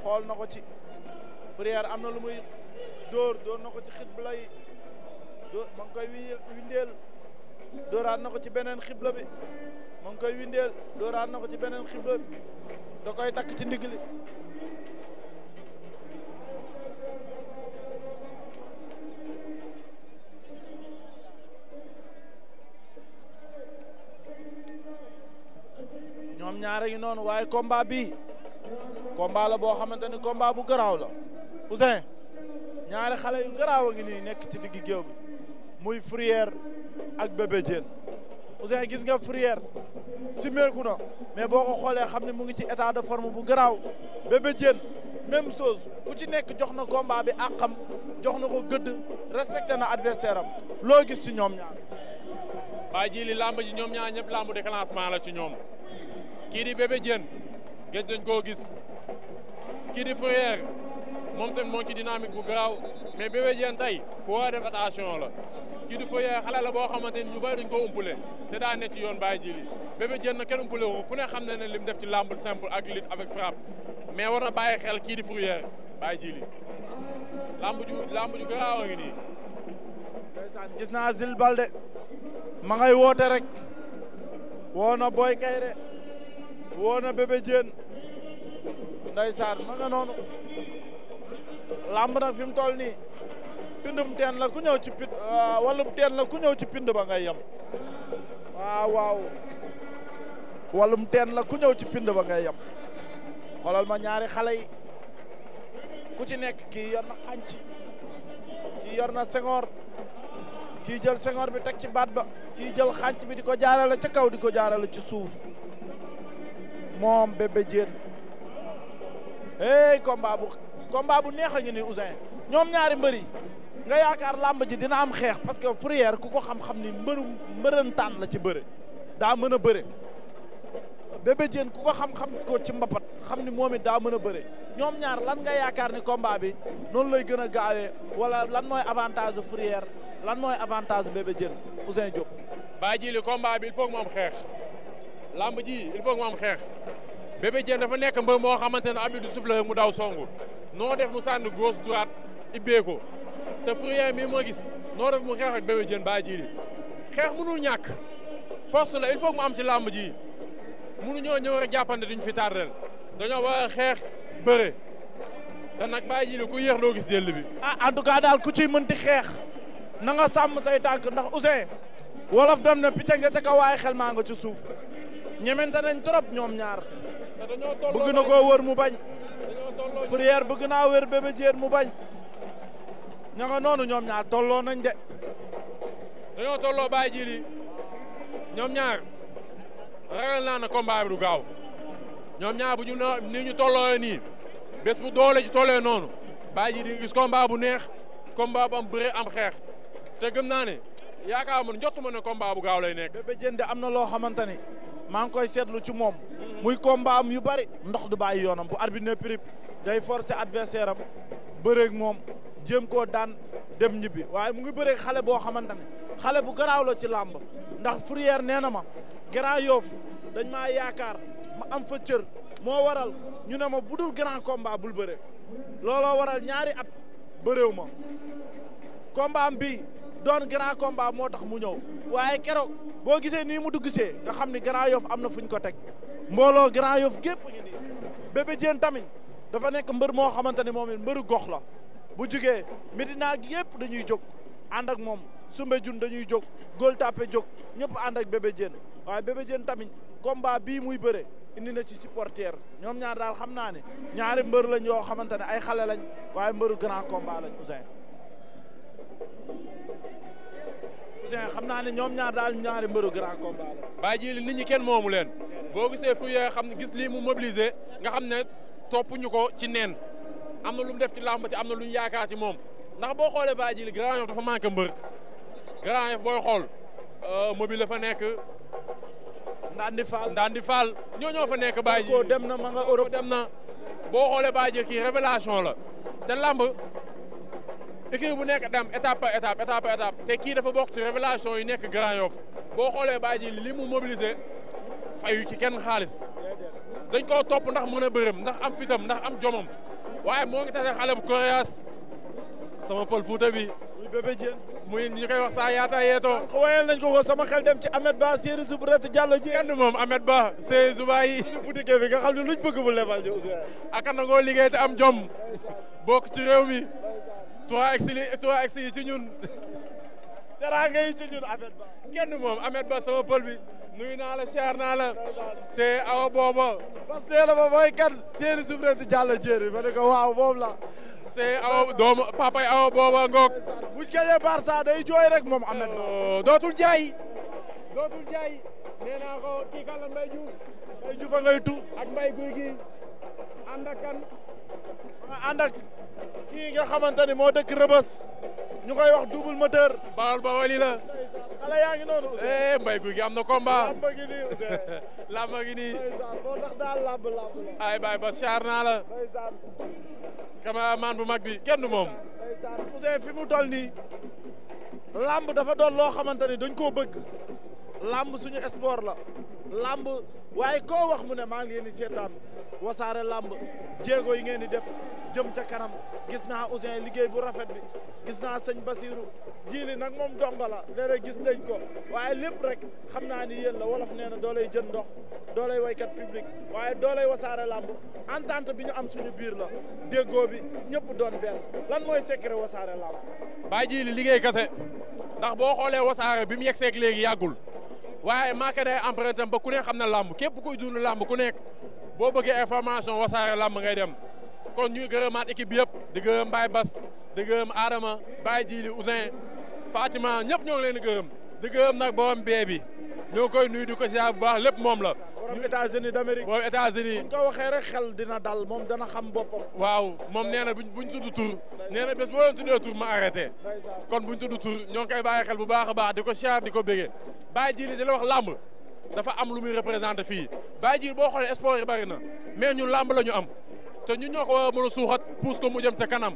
A: xool na ko ci Fourrière am na lu muy dóor dóor na ko ci xit bu lay dóor ma koy windeel dóoraat na ko ci beneen xiblo bi mu ngi koy windeel dóoraat na ko ci beneen xibla bi da koy takk ci ndigli ñoom ñaare ngi noonu waaye combat bi combat la boo xamante ni combat bu garaaw la Ouzin ñaari xale yu garaaw a ngi nii nekk ci digg géew bi muy Fourrière ak Bébé Diène Ouzin gis nga Fourrière simeeku na mais boo ko xoolee xam ne mu ngi ci état de forme bu garaaw Bébé Diène même chose ku ci nekk jox na combat bi àqam jox na ko gëdd respecté na adversaire am loo gis ci ñoom ñaar. waa ji làmb ji ñoom ñaar ñëpp làmb déclenchement
B: la ci ñoom kii di Bébé Diène gëj dañ koo gis kii di Fourrière moom tamit moo ci dynamique bu garaaw mais Bébé tey ku war def attention la. kii di feu yaay la boo xamante ni ñu bari duñ ko umpule te daa ne ci yoon bàyyi ji li na kenn umpule ku ne xam na ne lim def ci lamb simple ak lutte avec frappe mais war na bàyyi xel kii
A: di fourrière bàyyi ji li lamb ju lamb ju garaaw a ngi nii ndeysaan gis naa Zil ngay woote rek woo na Boy Kayre woo na bébé jën ndeysaan ma nga noonu lamb nag fi mu toll nii pindum teen la ku ñëw ci pind ah, wallum teen la ku ñëw ci pind ba ngay yem ah, waaw waaw teen la ku ñëw ci pind ba ngay yem xoolal ma ñaari xale yi ku ci nekk kii yor na xànc kii yor na sengoor kii jël sengoor bi teg ci baat ba kii jël xànc bi di ko jaarale ca kaw di ko jaarale ci suuf moom bébé jéen hey combat bu combat bu neex a ngi ni Ouzin ñoom ñaari mbëri nga yaakaar làmb ji dina am xeex parce que Fourrière ku ko xam-xam ni mbëru mbërëntaan la ci bëre daa mën a bëre Bébé Diène ku ko xam-xam ko ci mbapat xam ni moom it daa mën a bëre ñoom ñaar lan nga yaakaar ni combat bi noonu lay gën a gaawee wala lan mooy avantage Fourrière lan mooy avantage Bébé Diène Ousin Diop
B: baa ji bi il faut am xeex làmb ji il faut que xeex Bébé Diène dafa nekk mbër moo xamante ne abi du souffle mu daw songu noo def mu sànni gauche droite ibbee ko te Fourrière mii moo gis noo def mu xeex ak Bébé Diène baa ji li xeex mënul ñàkk force la il faut mu am ci làmb ji mu mënuñoo ñëw rek jàppante duñ fi tardel dañoo wa a xeex bëre te nag ba ji li ku yéex doo gis jëll bi.
A: ah en tout cas daal ku ciy mënti xeex na nga sàmm say tànk ndax Ousseyn wolof doon na picc nga ca kaw waaye xel maa nga ci suuf ñemente nañ trop ñoom ñaar.
B: bëgg na wër mu bañ. Fourrière
A: bëgg wër Bébé mu bañ. ña noonu ñoom ñaar tolloo nañ de. dañoo tolloo bàyyi ji ñoom ñaar
B: ragal naa ne combat bi gaaw ñoom ñaar bu ñu ni ñu tolloo nii bés bu doole ci tollee noonu bàyyi ji di gis combat bu neex combat bu am bëre am xeex te gëm naa ne yaakaar man jottuma ne combat bu gaaw lay nekk.
A: Bébé Diène de am na loo xamante ni maa ngi koy seetlu ci moom. muy combat yu bari. ndox du bàyyi yoonam bu arbitre ne prip day forcer adversaire am bëreeg moom. jéem koo daan dem ñibbi waaye mu ngi bëre xale boo xamante ne xale bu garaaw la ci làmb ndax Fourrière nee na ma Grand Yoff dañ maa yaakaar ma am fa cër moo waral ñu ne ma bu dul grand combat bul bëre looloo waral ñaari at bëréew ma combat bi doon grand combat moo tax mu ñëw waaye keroog boo gisee nii mu duggsee nga xam ni Grand Yoff am na fu ko teg mbooloo Grand Yoff gépp ñu nii tamit dafa nekk mbër moo xamante ne moom it mbëru gox la bu jugee Medina gi dañuy jóg ànd ak moom Soumbédioune dañuy jóg Gueule Tapée jóg ñëpp ànd ak Bébé Diène waaye Bébé Diène tamit combat bii muy bëre indi na ci supporter ñoom ñaar daal xam naa ne ñaari mbër lañ yoo xamante ne ay xale lañ waaye mbëru grand combat lañ Ousseyn Ousseyn xam naa ne ñoom ñaar daal ñaari mbëru grand combat lañ. bàyyi ji li nit ñi kenn moomu
B: leen boo xam ne gis lii mu mobilisé nga xam ne topp ñu ko ci neen am na lu mu def ci làmb ci am na lu ñu yaakaar ci moom ndax boo xoolee Baye Djily Grand Yoff dafa manqué mbër Grand Yoff booy xool euh, mobile la fa nekk. Ndandi Fall Ndandi Fall ñoo fa nekk Baye Djily dem na ma nga Europe dem na boo xoolee Baye kii révélation la te làmb équipe bu nekk dem étape par étape étape te kii dafa bokk ci révélation yi nekk boo xoolee Baye Djily li mu mobilisé fayu ci kenn xaalis dañ koo topp ndax mën a bërëm ndax am fitam ndax am jomam waaye moo ngi tase xale bu coriace sama pël Fuuta bi. muy bébé Diène. muy ñu koy
A: wax saa yaata yeetoo. wayal nañ ko ko sama xel dem ci Ahmed Ba Serigne Soubrette Diallo Dieng. kenn moom
B: Ahmed Ba Serigne Souba yi. boutique bi nga xam ne bëgg bu lebal ñu. ak kan nangoo liggéey am jom. bok ci réew mi. trois ex li trois ex yi ci ñun. nga yi ci ñun Ahmed Ba. kenn moom Ahmed Ba sama pël bi. nuyu naa la siyaar
A: naa la c'est awa booba parce que la ma mooy kan seeni souveraineté jàll jéeri ma ne ko waaw moom la
B: c'est awa doomu
A: papay awa booba ngoog buñ gañee Barça jooy rek moom amet oh, dootul jaay
B: dootul jaay nee naa ko kii
A: kan mbay juuf mbay juufa ngay tu ak mbay guy gi ànd kan ànd kii nga xamante ni moo dëkk rëbës ñu koy wax double moteur.
B: bawal bawali la.
A: ala yaa ngi noonu. eh mbay guy
B: gi am na combat. làmba gi nii làmba [LAUGHS] gi nii.
A: boo tax daal làmb
B: làmb ay bay ba siyaar naa la.
A: cameraman bu mag bi kenn du moom. Ouzin fi mu toll nii. làmb dafa doon loo xamante ni dañ koo bëgg. làmb suñu sport la. làmb waaye ko wax mu ne maa ngi leen di seetaan làmb jéego yi ngeen di def. jëm ca kanam gis naa Ouzin liggéey bu rafet bi gis naa sëñ Basiru jiili nag moom dongo la léeg gis nañ ko waaye lépp rek xam naa ni yéen la wolof nee na doolay jën ndox doolay waykat public waaye doolay wasaare làmb entente bi ñu am suñu biir la déggoo bi ñëpp doon benn lan mooy secret wasaare làmb baa jiili liggéey kase
B: ndax boo xoolee wasaare bi mu yegg seeg léegi yàggul waaye maaka day emprunté ba ku ne xam na làmb képp kuy dund làmb ku nekk boo bëggee information wasaare làmb ngay dem kon ñu gërëmaat équipe bi yëpp di gërëm Baye Bas di gërëm Adama Baye Djili Ousin Fatima ñëpp ñoo leen di gërëm di gërëm nag borom bee bi ñoo koy nuy di ko siyaar bu baax lépp moom la. borom États-Unis d'Amérique borom États-Unis bu ñu
A: ko waxee rek xel dina dal moom dana xam bopp
B: waaw moom nee na buñ tuddu tudd tur nee na bés boo leen tuddee tur ma arrêté kon buñ tudd tur ñoo ngi koy bàyyi xel bu baax a baax di ko siyaar di ko bégee Baye Djili di wax làmb dafa am lu muy représenté fii Baye Djili boo xoolee sport yi bari na mais ñun làmb la ñu am te ñu ñoo ko war a mën a suuxat puus ko mu jëm ca kanam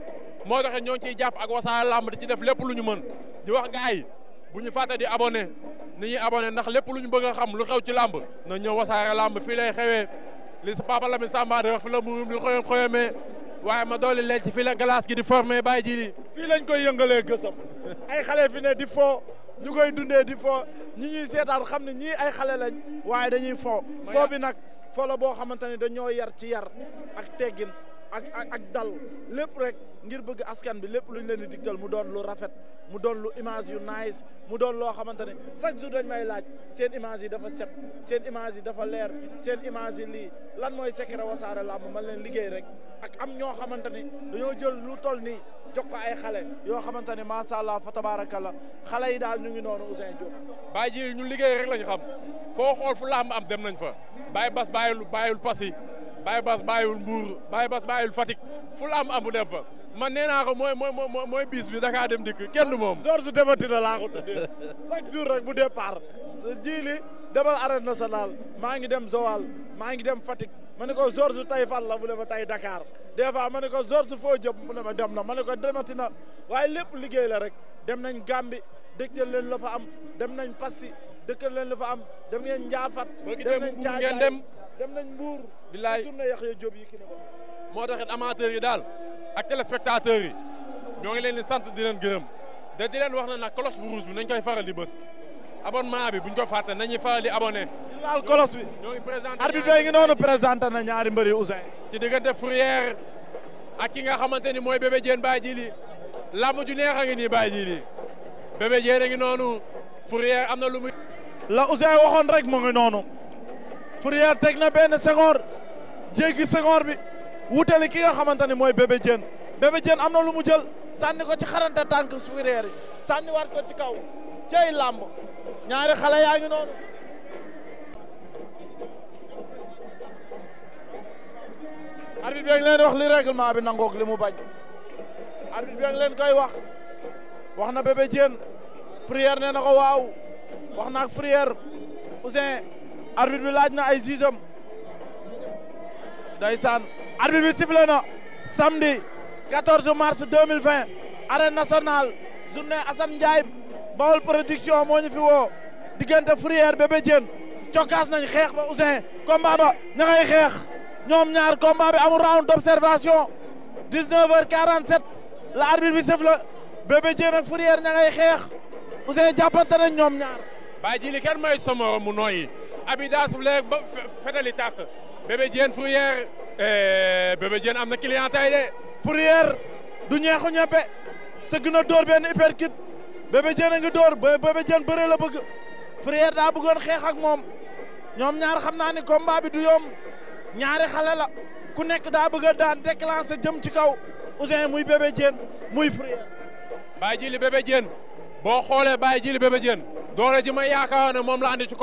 B: moo tax ñoo ngi ciy jàpp ak Wassare Lamb di ci def lépp lu ñu mën di wax ga ay bu ñu fàtte di abonné ni ñuy abonné ndax lépp lu ñu bëgg a xam lu xew ci làmb na ñëw Wassare Lamb fii lay xewee li si Papa Lamine wax fi la muum li xoyom xoyomee waaye
A: ma dooli leen ci fii la glace gi di formé bàyyi ji li fii lañ koy yëngalee gësam ay xale fi ne di foo ñu koy dundee di foo ñi ñuy seetaan xam ne ñii ay xale lañ waaye dañuy foo foo bi nag folo boo xamante ne dañoo yar ci yar ak teggin ak dal lépp rek ngir bëgg askan bi lépp lu ñu leen di digtal mu doon lu rafet mu doon lu image yu nice mu doon loo xamante ne chaque jour dañ may laaj seen image yi dafa set seen image yi dafa leer seen image yi lii lan mooy secret wasaare mu man leen liggéey rek ak am ñoo xamante ni dañoo jël lu toll nii jox ay xale yoo xamante ne macha allah fa tabaarakalla xale yi daal ñu ngi noonu Ousseyn Diop.
B: bàyyi ji ñu liggéey rek lañu xam foo xool fu làmb am dem nañ fa bàyyi yi Baye Bass bàyyiwul Mbour Baye Bass bàyyiwul Fatick fu la am amu dem fa man nee naa mooy mooy mooy bis bi Dakar dem dikk kenn du moom. Georges Demba la laa ko tuddee
A: chaque jour rek bu départ sa jiili demal arène nationale maa ngi dem Joal maa ngi dem Fatick ma ne ko Georges tey fan la mu ne ma tey Dakar des fois ma ne ko Georges foo jëm mu ne ma dem na ma ne ko demati na waaye lépp liggéey la rek dem nañ Gambie dëkkal leen la fa am dem nañ Passy dëkkal leen la fa am dem ngeen Njaafat. dem nañ Thiaga dem. dem nañ Mbour. billaay tourné Yaxya Diop yi ki ne ko. moo taxit amateurs yi daal
B: ak téléspectateurs yi ñoo ngi leen di sant di leen gërëm da di leen wax na nag cloche bu bi nañ koy faral di bës abonnement bi buñ ko fàtte nañuy faral di abonné.
A: laal bi. ñoo ngi présenté arbitre bi ngi noonu présenté na ñaari mbëri Ousseyn.
B: ci diggante Fourrière ak ki nga xamante ni mooy bébé Diène Baye Djili làmb ju neex a ngi nii Baye Djili bébé
A: Diène a noonu Fourrière am na lu la la Ousseyn waxoon rek mu ngi noonu. Fourrière teg na benn sengoor jéggi sengoor bi wutali ki nga xamante ni mooy Bébé Diène am na lu mu jël sànni ko ci xarante tànk Fourrière yi sànni ko ci kaw cey làmb ñaari xale yaa ngi noonu arbitre bi ngi leen wax li règlement bi nangook li mu bañ arbitre bi leen koy wax wax na Bébé Diène Fourrière nee na ko waaw wax na ak Fourrière arbitre bi laaj na ay siisam ndeysaan arbitre bi sifflé na samedi 14 mars 2020 arène nationale journée Assane Ndiaye Baol production moo ñu fi woo diggante Fourrière Bébé Diène nañ xeex ba Ousseyn combat ba ña xeex ñoom ñaar combat bi amul round d'observation 19h47 la arbitre bi sifflé Bébé Diène ak Fourrière ña ngay xeex Ousseyn jàppante nañ ñoom ñaar. bàyyi ji kenn mooy sa mu nooyi. Abida Souf léegi
B: ba fetali tàq Bébé Diène Fourrière eh, Bébé Diène am na client tay de
A: Fourrière du ñeexu ñeppe sëgg na door benn uppercut Bébé Diène a ngi door Bébé Diène bëree la bëgg Fourrière daa bëggoon xeex ak moom ñoom ñaar xam na ni combat bi du yoom ñaari xale ku nekk daa bëgg a daan déclencher jëm ci kaw Ouzin muy Bébé Diène muy Fourrière Baye Jili Bébé Diène boo
B: xoolee Baye Jili Bébé Diène doole ji ma yaakaar ne moom la andi ci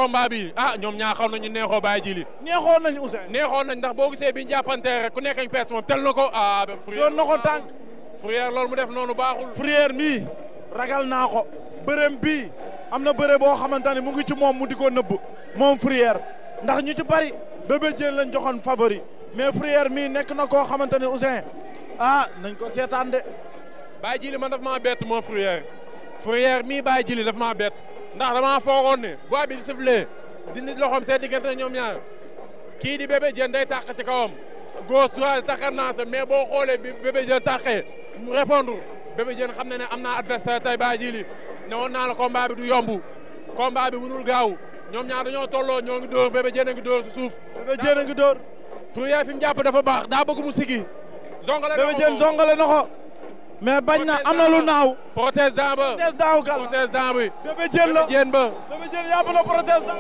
B: ah, ñoom ñaa xaw nañu neexoo bàyyi ji li nañ nañu Ousseyn neexoon nañ ndax boo gisee bi ñu jàppantee rek ku nekk ñu pees moom tel na ko ah Fourrière
A: doon na ko tànk Fourrière loolu mu def noonu baaxul Fourrière mii ragal naa ko bërëm bii am na bëre boo xamante ne mu ngi ci moom mu di ko nëbb moom Fourrière ndax ñu ci bari Bébé Diène lañ joxon favori mais Fourrière mii nekk na koo xamante ne Ousseyn ah nañ ko seetaan de
B: bàyyi ji man daf maa bet moom Fourrière Fourrière mii baa ji li daf maa ndax dama foogoon ne bu bi siflee dindi loxoom seen diggante ñoom ñaar kii di bébé jën day tàq ci kawam gauche droite taqarnaase mais boo xoolee bi bébé jën tàqee mu répondre bébé jën xam na ne am naa adversaire tay baa ji li ne woon naa la combat bi du yomb combat bi mënul gaaw ñoom ñaar dañoo tolloo ñoo ngi dóor bébé jën ngi dóor
A: suuf bébé jën a ngi dóor su yaay fi mu jàpp dafa baax daa bëgg mu sigi zongale bébé mais bañ na am na lu naaw. protestant ba protestant wu kan bi. Bébé Diène la Bébé ba. Bébé Diène yàpp na protestant.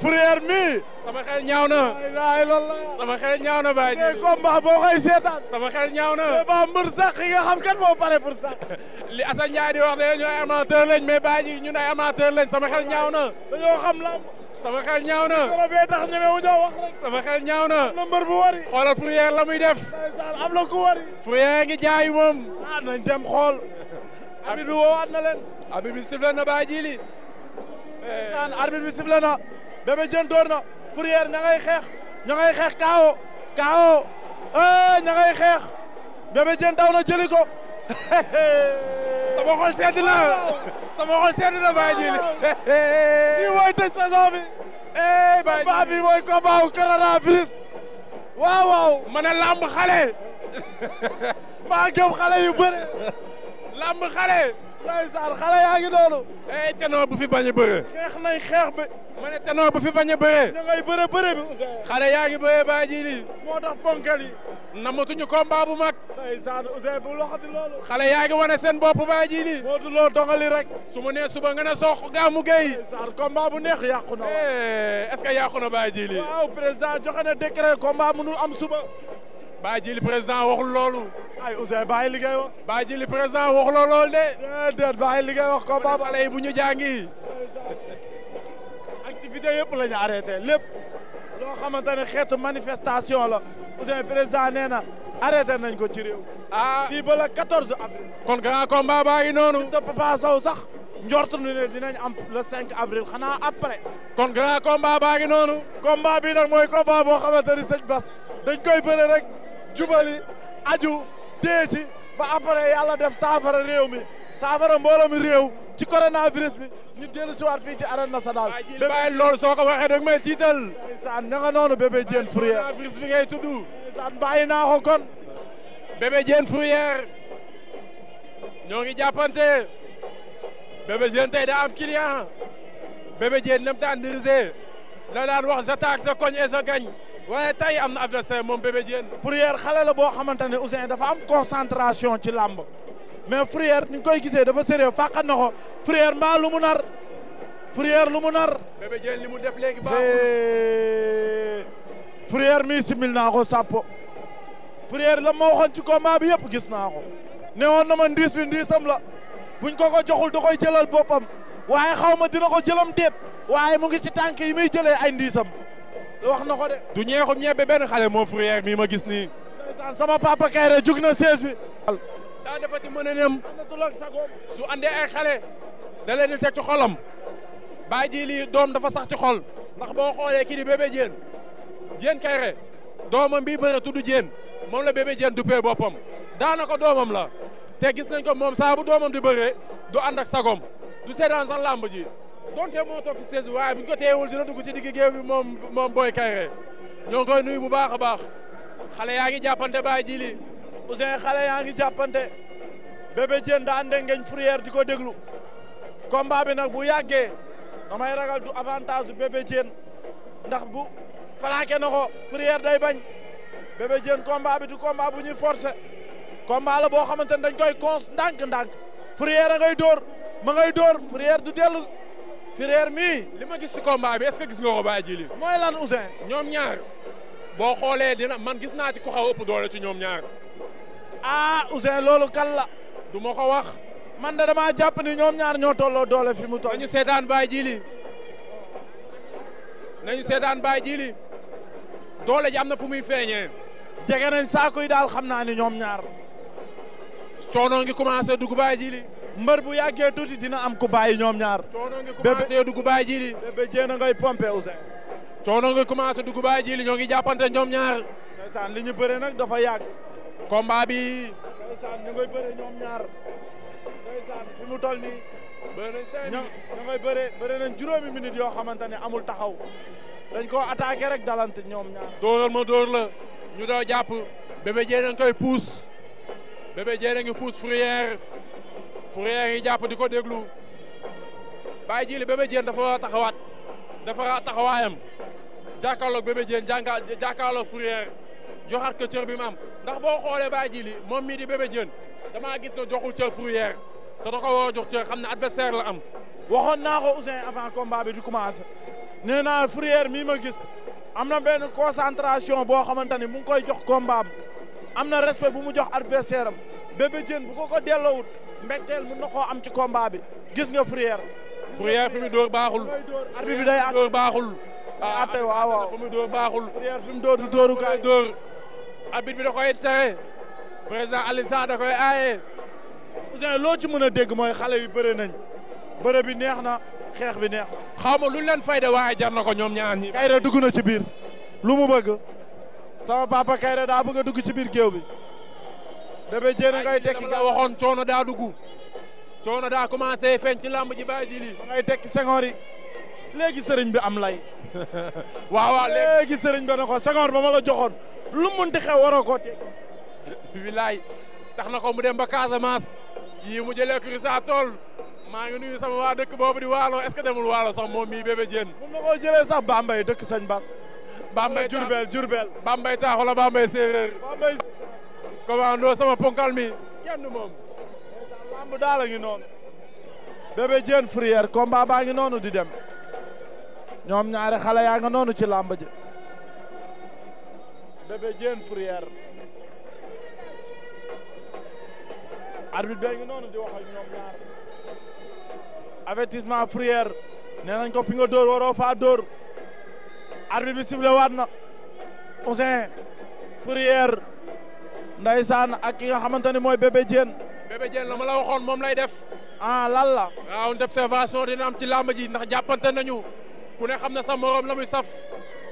A: frère mi.
B: sama xel na.
A: ay loolu la. sama xel ñaaw na baa ñëw. combat boo koy seetaan. sama xel ñaaw na. ba mbër sax ki nga kan moo pare pour sax. [LAUGHS]
B: li Assane Ndiaye di wax ne ñu ay amateur lañ mais baa ñi ñun ay amateur lañ sama xel ñaaw na. dañoo xam lamb. sama xel ñaaw na. wari. xoolal Fourrière la def. am ku wari. Fourrière ngi jaay moom. ah xool.
A: arbitre bi woowaat leen. arbitre bi sifflé na baa jiili. daan arbitre bi sifflé na. xeex. ña xeex K.O. K.O. ña xeex. Bébé Diène daw na [LAUGHS] sama xol sedd na sama xol sedd na Baye Djily. lii [LAUGHS] mooy tëj saison bi. Baye Djily combat bi mooy combat wu coronavirus. waaw waaw ma ne làmb xale. [LAUGHS] maa gëm xale yu bëri. làmb
B: xale. ndeysaan xale yaa ngi noonu eh, bu fi bañ a xeex nañ xeex bi ma ne Tenor bu fi bañ a bëree bi Ousseyn xale yaa ngi bëree baa ji lii moo tax ponkal yi namatuñu combat bu mag
A: ndeysaan
B: yaa ngi wane seen bopp baa ji moo du loo dongali rek su ma nee suba nga ne soq gaamu géy ndeysaan combat bu neex yàqu na eh, est ce que yàqu na baa ji lii waaw président joxe na décret combat mënul am suba baa ji li président waxul loolu ay Ousseyn bàyyi li ngay wax. bàyyi président wax la lool de.
A: déedéet bàyyi li ngay wax ko ba bu ñu jàngi. activité yëpp la ñu arrêté lépp. loo xamante ne xeetu manifestation la président nee na nañ ko ci réew. Ah. fii ba la 14 avril. kon grand combat baa ngi noonu. te Papa Sow sax. njort nu ne dinañ am le 5 avril xanaa après. kon grand combat baa ngi noonu. combat bi nag mooy combat boo xamante ni sëñ Bas dañ koy bëre rek jubali aju. téye ci ba après yàlla def saafara réew mi saafara mbooloo mi réew ci coronavirus bi ñu dellu si waat fii ci arène nationale. bàyyi loolu soo ko waxee dag may tiital. ndeysaan na nga noonu bébé Diène Fourrière. coronavirus bi ngay tudd. ndeysaan bàyyi naa ko kon. bébé ngi
B: jàppante bébé tey daa am client bébé Diène nam daan dirisé la daan wax sa taak sa koñ et sa gañ. waaye tey am na adversaire moom Bébé Diène.
A: Fourrière xale la boo xamante ne Ouzin dafa am concentration ci làmb mais Fourrière ni nga koy gisee dafa sérieux fàqat na ko Fourrière mbaa lu mu nar Fourrière lu mu nar. Bébé Diène li mu def léegi baaxul. Fourrière mi simil naa ko sàppo Fourrière la ma waxoon ci combat bi yëpp gis naa ko. ne na ma ndiis bi ndiisam la buñ koo ko joxul da koy jëlal boppam waaye xaw ma dina ko jëlam déet waaye mu ngi ci tànk yi muy jëlee ay ndiisam. wax na ko de. du ñeexum ñebe benn xale moo fourrière mi ma gis nii. sama papa Kayre jug na sées bi. daa defati mën a nem
B: su andee ay xale da leen teg ci xolam bàyyi ji lii doom dafa sax ci xol ndax boo xoolee kii di bébé Diène Diène Kayre doomam bi bëre tudd Diène moom la bébé Diène duppee boppam daanaka doomam la te gis nañ ko moom saa bu doomam di bëree du ànd ak sagom du seetaan sax làmb ji donte moo toog ci saison waaye bu ñu ko teewul dina dugg ci digg géew moom moom Boy Kaïré ñoo ngi koy nuyu bu baax a baax xale
A: yaa ngi jàppante baay ji li Ousseyn xale yaa ngi jàppante Bébé Diène da ànde ngeñ di ko déglu combat bi nag bu yàggee damay ragal du avantage du Bébé ndax bu plaqué na ko Fourrière day bañ Bébé Diène combat bi du combat bu ñuy forcé combat la boo xamante ne dañ koy cons ndànk-ndànk Fourrière a ngay dóor ma ngay dóor Fourrière frère mi li ma gis si combat
B: bi est-ce que gis nga ko Baye mooy lan Ousseyn ñoom ñaar boo xoolee dina man gis naa ci ku xaw ëpp doole ci ñoom ñaar
A: ah Ousseyn loolu kan la du ma ko wax man da damaa jàpp ni ñoom ñaar ñoo tolloo doole fi mu toll nañu seetaan Baye Djili
B: nañu seetaan Baye Djili doole ji am na fu muy feeñee jege
A: nañ saako yi daal xam naa ni ñoom ñaar coono ngi commencé dugg Baye mbër bu yàggee tuuti dina am ku bàyyi ñoom ñaar. bébé dugg bàyyi jiili. bébé jéen a ngay
B: pompé Ousseyn. coono nga commencé dugg bàyyi jiili ñoo ngi jàppante ñoom ñaar. ndeysaan li ñu bëre
A: nag dafa yàgg. combat bi. ndeysaan ñu ngay bëre ñoom ñaar. ndeysaan fi mu toll nii. bëre nañ seen ña ngay bëre bëre nañ juróomi minutes yoo xamante ne amul taxaw. dañ koo attaqué rek dalante ñoom ñaar. dóoral ma dóor la ñu doo
B: jàpp. bébé jéen a ngi koy puus. bébé jéen a ngi puus fourrière. fourrière yi jàpp di ko déglu Baye Djily Bébé Diène dafa war a taxawaat dafa war a taxawaayam jàkkaarloog Bébé Diène jànga jàkkaarloog fourrière joxaat ko cër bi mu am ndax boo xoolee Baye Djily moom mii di Bébé Diène damaa gis ne joxul cër fourrière te da ko war jox cër xam ne adversaire la am.
A: waxoon naa ko Ousseyn avant combat di commencé nee naa fourrière mii ma gis am na benn concentration boo xamante ni mu ngi koy jox combat am na respect bu mu jox adversaire am Bébé Diène bu ko ko mbetteel mun na am ci combat bi gis nga Fourrière. Fourrière fi mu dóor baaxul.
B: arbitre bi day dóor baaxul. ah àtte ah, waaw waaw fi mu dóor baaxul. Fourrière dóor du dóoru kaay dóor. arbitre bi da koy tere. président Alioune Sarr koy aaye. Ousseyn loo ci mën a
A: dégg mooy xale yi bëre nañ bëre bi neex na xeex bi neex na. xaw ma lu leen fay de waaye jar na ko ñoom ñaar ñi. Kayre dugg na ci biir lu mu bëgg. sama papa Kayre daa bëgg
B: a dugg ci biir géew bi. Bébé Diène ngay tekki nga waxoon coono daa dugg coono daa commencé feeñ ci làmb ji bàyyi ji lii ngay tekki sengoor yi léegi sëriñ bi am lay [LAUGHS] waaw waaw
A: léegi sëriñ bi na ko sengoor ba ma la joxoon lu munti xew waroo koo
B: tekki [LAUGHS] tax na ko mu dem ba Casamance yii mu jëlee Crissa tool maa ngi nuyu sama waa dëkk boobu di waalo est-ce que demul waalo sax moom mii Bébé Diène mun na jëlee sax baambay dëkk Sëñ Bass Bambey Jurbel Jurbel Bambey taaxu la Bambey commando sama ponkal mi kenn moom lamb daal a ngi
A: noonu bébé Diène baa ngi noonu di dem ñoom ñaari xale yaa nga noonu ci làmb ji bébé Diène Fourrière arbitre bee ngi noonu di wax ñoom ñaar avertissement Fourrière nee nañ ko fi nga dóor waroo faa bi sifflé waat na Ousseyn Ndeysaan ak ki nga xamante ni mooy bébé Diène.
B: bébé la ma la waxoon moom lay def. ah lan la. waaw une observation ci làmb ji ndax jàppante nañu ku ne xam na sa morom la muy saf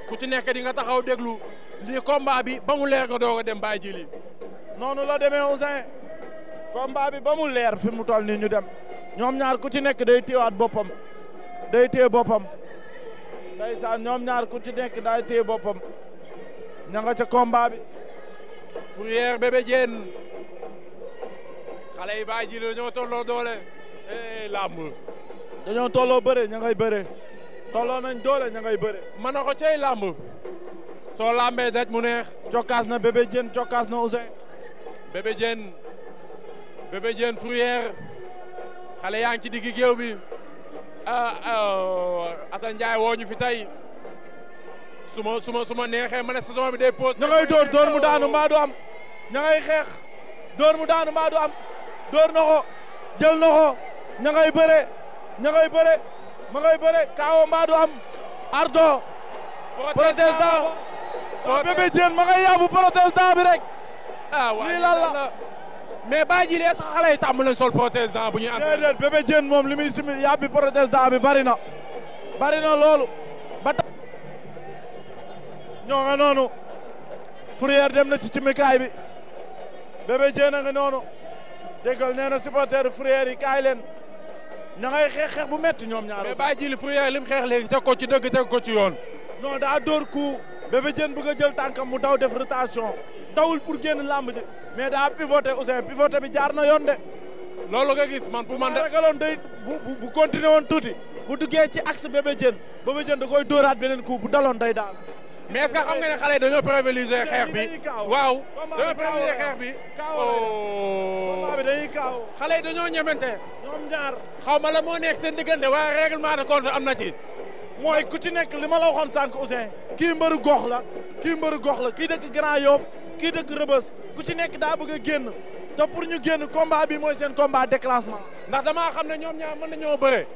B: ku ci nekk di nga taxaw déglu lii combat bi ba mu leer nga doog a
A: dem bàyyi ji noonu la demee Ouzin combat bi ba mu leer fi mu toll nii ñu dem ñoom ñaar ku ci nekk day téewaat boppam day téye boppam ndeysaan ñoom ñaar ku ci nekk day téye boppam ña nga ca combat bi. Fourrière Bébé Diène
B: xale yi bàyyi ji la ñoo tolloo doole eh làmb. dañoo tolloo bëre ña ngay bëre. tolloo nañ doole ña bëre. mën na ko cay làmb. soo làmbee daj mu neex. cokkaas na Bébé Diène cokkaas na Ousseyn. Bébé Diène Bébé xale yaa ngi ci digg géew bi ah, ah Assane Ndiaye woo su ma suma ma su ma neexee ma ne saison bi day pause. ña ngay dóor dóor mu daanu mbaa
A: du am ña xeex dóor mu daanu mbaa du am dóor na ko jël na ko ña ngay bëre ña ngay bëre ma mbaa du am do protestant ah, bébé Diène ma ngay yàbbu protestant bi rek ah waaw lii baa ji lee sax xale yi tàmm leen sol protestant bu ñuy am déedéet bébé Diène moom li simi yàbbi protestant bi bari na loolu ñoo nga noonu dem na ci cimikaay bi Bébé Diène a nga noonu degal nee na supporter Fourrière yi kaay leen ña ngay xeex xeex bu metti ñoom ñaar mais bàyyi jili Fourrière lim xeex leegi teg ko ci dëgg teg ko ci yoon non daa dóor ku Bébé Diène bëgg a jël tànkam mu daw def rotation dawul pour génn làmb ji mais daa pivoté Ousseyn pivoté bi jaar na yoon de loolu nga gis man pour man de ragaloon day bu bu continué woon tuuti bu duggee ci axe Bébé Diène Bébé Diène koy dóoraat beneen coup bu daloon day daal mais est-ce que xam nga ne xale yi dañoo privilégier xeex bi waaw
B: dañoo privilégier xeex bi oh. xale yi dañoo ñemente
A: ñoom ñaar xaw ma la moo nekk seen diggante waaye règlement de compte am na ci mooy ku ci nekk li ma la waxoon sànq Ousseyn kii mbëru gox la kii mbër gox la kii dëkk Grand Yoff kii dëkk Rëbës ku ci nekk daa bëgg a génn te pour ñu génn combat bii mooy seen baa déclassement
B: ndax damaa xam ne ñoom ñaar mën nañoo bëre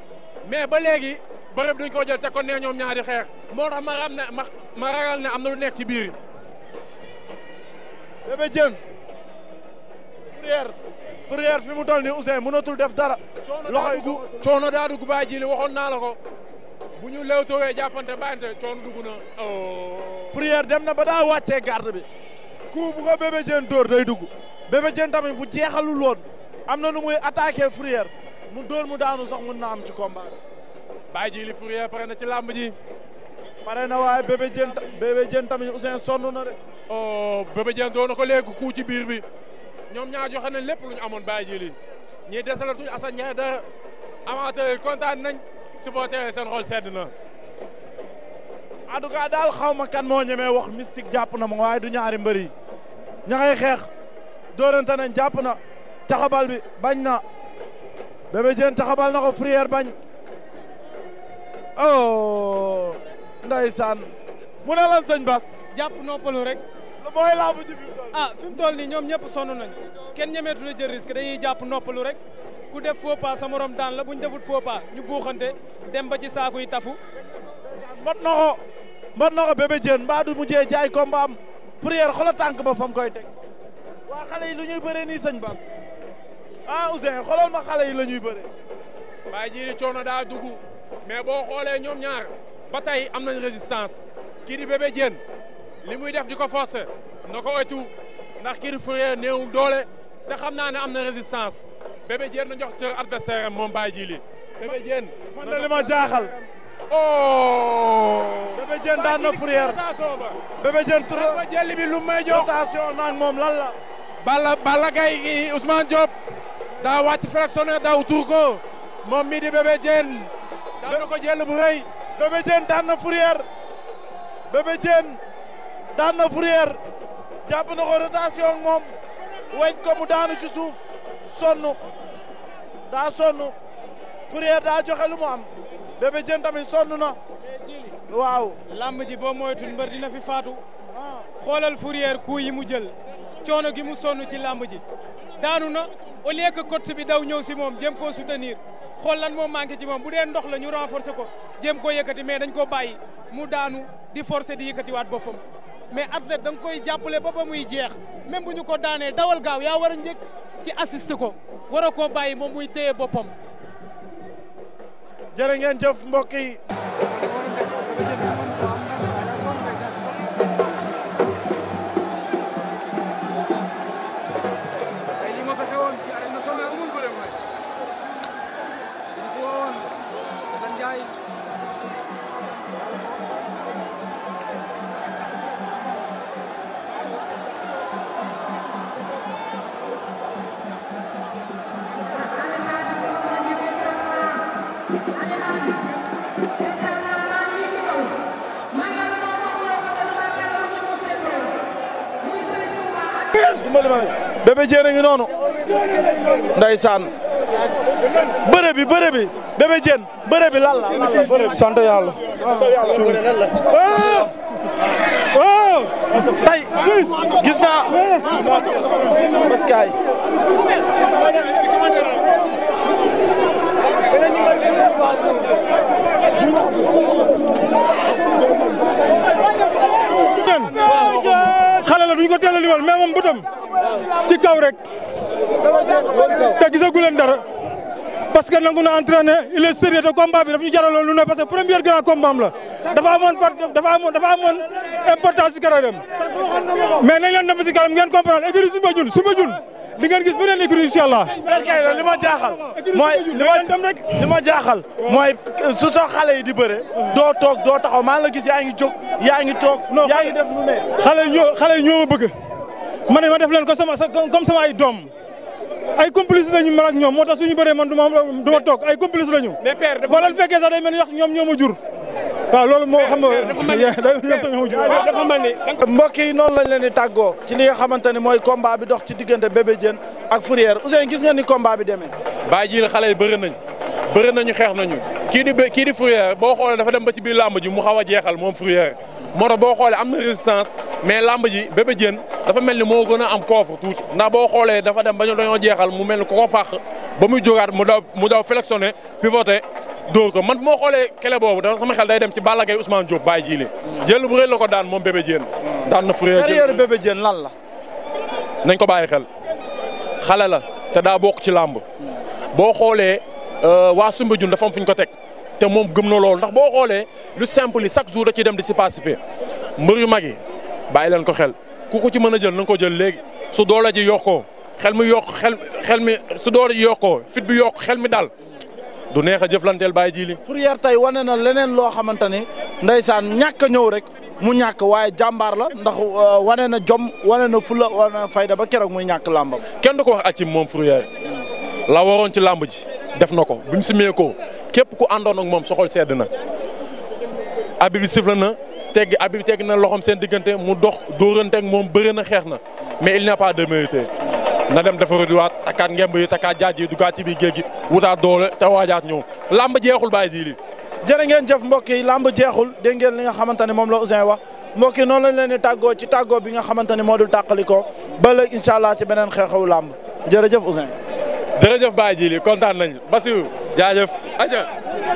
B: mais ba léegi bërëb duñ ko jël te kon nee ñoom ñaari xeex moo tax ma ne ma ma ne am na lu nekk ci biir. Bébé Diène. Fourrière fi mu toll nii Ousseyn mënatul def dara. loxo yi gu coono daa dugg baa ji li waxoon naa la ko. bu ñu lewtoowee jàppante
A: bàyyante coono dugg na. Oh. Fourrière dem na ba daa wàccee garde bi. ku bu ko dóor day dugg. Bébé Diène tamit bu jeexalul woon am na nu muy attaqué Fourrière mu dóor mu daanu sax mën na ci combat Baye Djili Fourier pare na ci làmb ji. pare na waaye bébé jën bébé jën tamit Ousseyn sonn na de. oh bébé ko léegi ku ci biir bi
B: ñoom ñaar joxe nañ lépp lu ñu amoon Baye Djili ñii desalatuñu Assane Ndiaye da amateurs kontaan nañ supporters yi seen xol sedd na.
A: en daal xaw ma kan moo ñemee wax mystique jàpp na ma waaye du ñaari mbër yi ña ngay xeex doorante nañ jàpp na taxabal bi bañ na bébé jën taxabal na ko bañ. oh ndeysaan mu ne lan sëñ Bas. jàpp noppalu rek. mooy laa bu ji fi ah, ñoom ñëpp sonn nañ kenn ñemeetu la jël risque dañuy jàpp noppalu rek ku def faux
C: pas daan la buñ ñu defut faux pas ñu buuxante dem ba ci saaku yi tafu. mot na ko
A: mot na ko bébé Diène mbaa du mujjee jaay combat am Fourrière xoolal tànk ba fam koy teg waa xale yi lu ñuy bëree sëñ Bas ah Ousseyn xoolal ma xale yi la
B: ñuy bëree. waaye jii coono daa dugg. mais boo xoolee ñoom ñaar ba tey am nañ résistance kii di Bébé li muy def di ko forcer na ko oytu ndax kii di Fourrière néewul doole te xam naa ne am na résistance Bébé Diène jox cër adversaire am moom Baye Djili Bébé Diène man de li jaaxal oh Bébé tur jël bi lu may jox rotation naag moom lan la Balla Balla Gaye Ousmane Diop daa wàcc fractionné daw
A: tuur ko moom mii di Bébé daan na ko jël daan na Fourrière Bébé Diène daan na Fourrière jàpp na ko rotation ko mu daanu ci suuf sonn daa sonn Fourrière daa joxe am Bébé tamit sonn na waaw lamb boo moytu mbër dina fi faatu ah. xoolal Fourrière coup yi mu jël coono gi mu sonn ci lamb ji daanu na au lieu que coach bi ñëw si moom jëm koo soutenir xool lan moo manqué ci moom bu dee ndox la ñu renforcer ko jéem koo yëkkati mais dañ koo bàyyi mu daanu di forcer di yëkkatiwaat boppam mais athlète da nga koy jàppale ba ba muy jeex même bu ñu ko daanee dawal gaaw yaa war a njëkk ci assiste ko war a koo bàyyi moom muy téye boppam. jërë ngeen jëf mbokk a ngi noonu ndeysaan bëre bi bëre bi Bébé Diène bëre bi lan la sant yàlla tay gis naa paskaay xale la duñ ko teel a limal mais moom ci kaw rek te gisagu leen dara parce que nangu na entraîné il est sérieux de combat bi daf ñu jaraloon lu ne parce que premier grand combat am la dafa amoon dafa amoon dafa amoon importance ci carrière mais nañ leen dem ci kanam ngeen comprendre écurie Soumbédioune Soumbédioune di ngeen gis beneen écurie incha allah. perkay li ma jaaxal. mooy li ma su soo xale yi di bëre. doo toog doo taxaw maa la gis yaa ngi jóg yaa ngi toog. yaa ngi def lu xale yi ñoo xale bëgg. ma ma def leen ko sama comme sama ay doom ay complice lañu man ak ñoom moo ta suñu bëree man du ma du ma toog ay complice lañu. mais père boo leen fekkee sax day mel ni wax ñoom ñoo ma jur. waaw loolu moo xam nga [LAUGHS] mbokk yi noonu lañ leen di tàggoo ci li nga xamante ne mooy combat bi dox ci diggante Bébé Diène ak Fourrière Ousseyn gis nga ni combaa bi demee.
B: bàyyi jiir xale yi bëri nañ bëri nañu xeex nañu kii di kii boo xoolee dafa dem ba ci biir làmb ji mu xaw a jeexal moom Fourrière moo tax boo xoolee am na résistance mais làmb ji Bébé Diène dafa mel ni moo gën a am coffre tuuti ndax boo xoolee dafa dem ba ñu dañoo jeexal mu mel ni ku ko fàq ba muy jógaat mu daw mu daw flexionné pivoté dóor ko man moo xoolee kele boobu dafa sama xel day dem ci Balla Gaye Ousmane Diop bàyyi jiile jël bu rëy la ko daan moom Bébé Diène daan na Fourrière carrière Bébé Diène lan la nañ ko bàyyi xel xale la te daa bokk ci làmb boo Euh, waa Soumbédioune dafa am fu ñu ko teg te moom gëm na loolu ndax boo xoolee lu simple yi chaque jour da ciy dem di si participer mbër yu mag yi bàyyi leen ko xel ku ko ci mën a jël na ko jël léegi su doole ji yokkoo xel mi yokk xel xel mi su doole ji yokkoo fit bi yokk xel mi daal du neex a jëflanteel bàyyi ji li
A: Fourrière tey wane na leneen loo xamante ne ndeysaan ñàkk a ñëw rek mu ñàkk waaye jàmbaar la ndax euh, wane na jom wane na fula wane na fayda ba keroog muy ñàkk làmbam
B: kenn du ko wax acim moom Fourrière la waroon ci làmb ji def na ko bi mu simee ko képp ku àndoon moom soxol sedd na. abi bi sifla na teggi abi bi teggi na loxoom seen diggante mu dox dóorante ak moom bëre na xeex na mais il n'a pas de mérité na dem defaru di waat takkaat ngemb yi takkaat jaaj yi dugaat ci biir géej gi wutaat
A: doole te waajaat ñëw làmb jeexul baay ji li ngeen jëf mbokk yi làmb jeexul dégg ngeen li nga xamante ne moom la Ousin wax mbokk yi noonu leen di tàggoo ci tàggoo bi nga xamante ne moo dul tàqalikoo ba léegi incha allah ci beneen xew làmb jërëjëf Ousin
B: jërëjëf Baye Djili kontaan
A: nañu Basiru jaajëf aja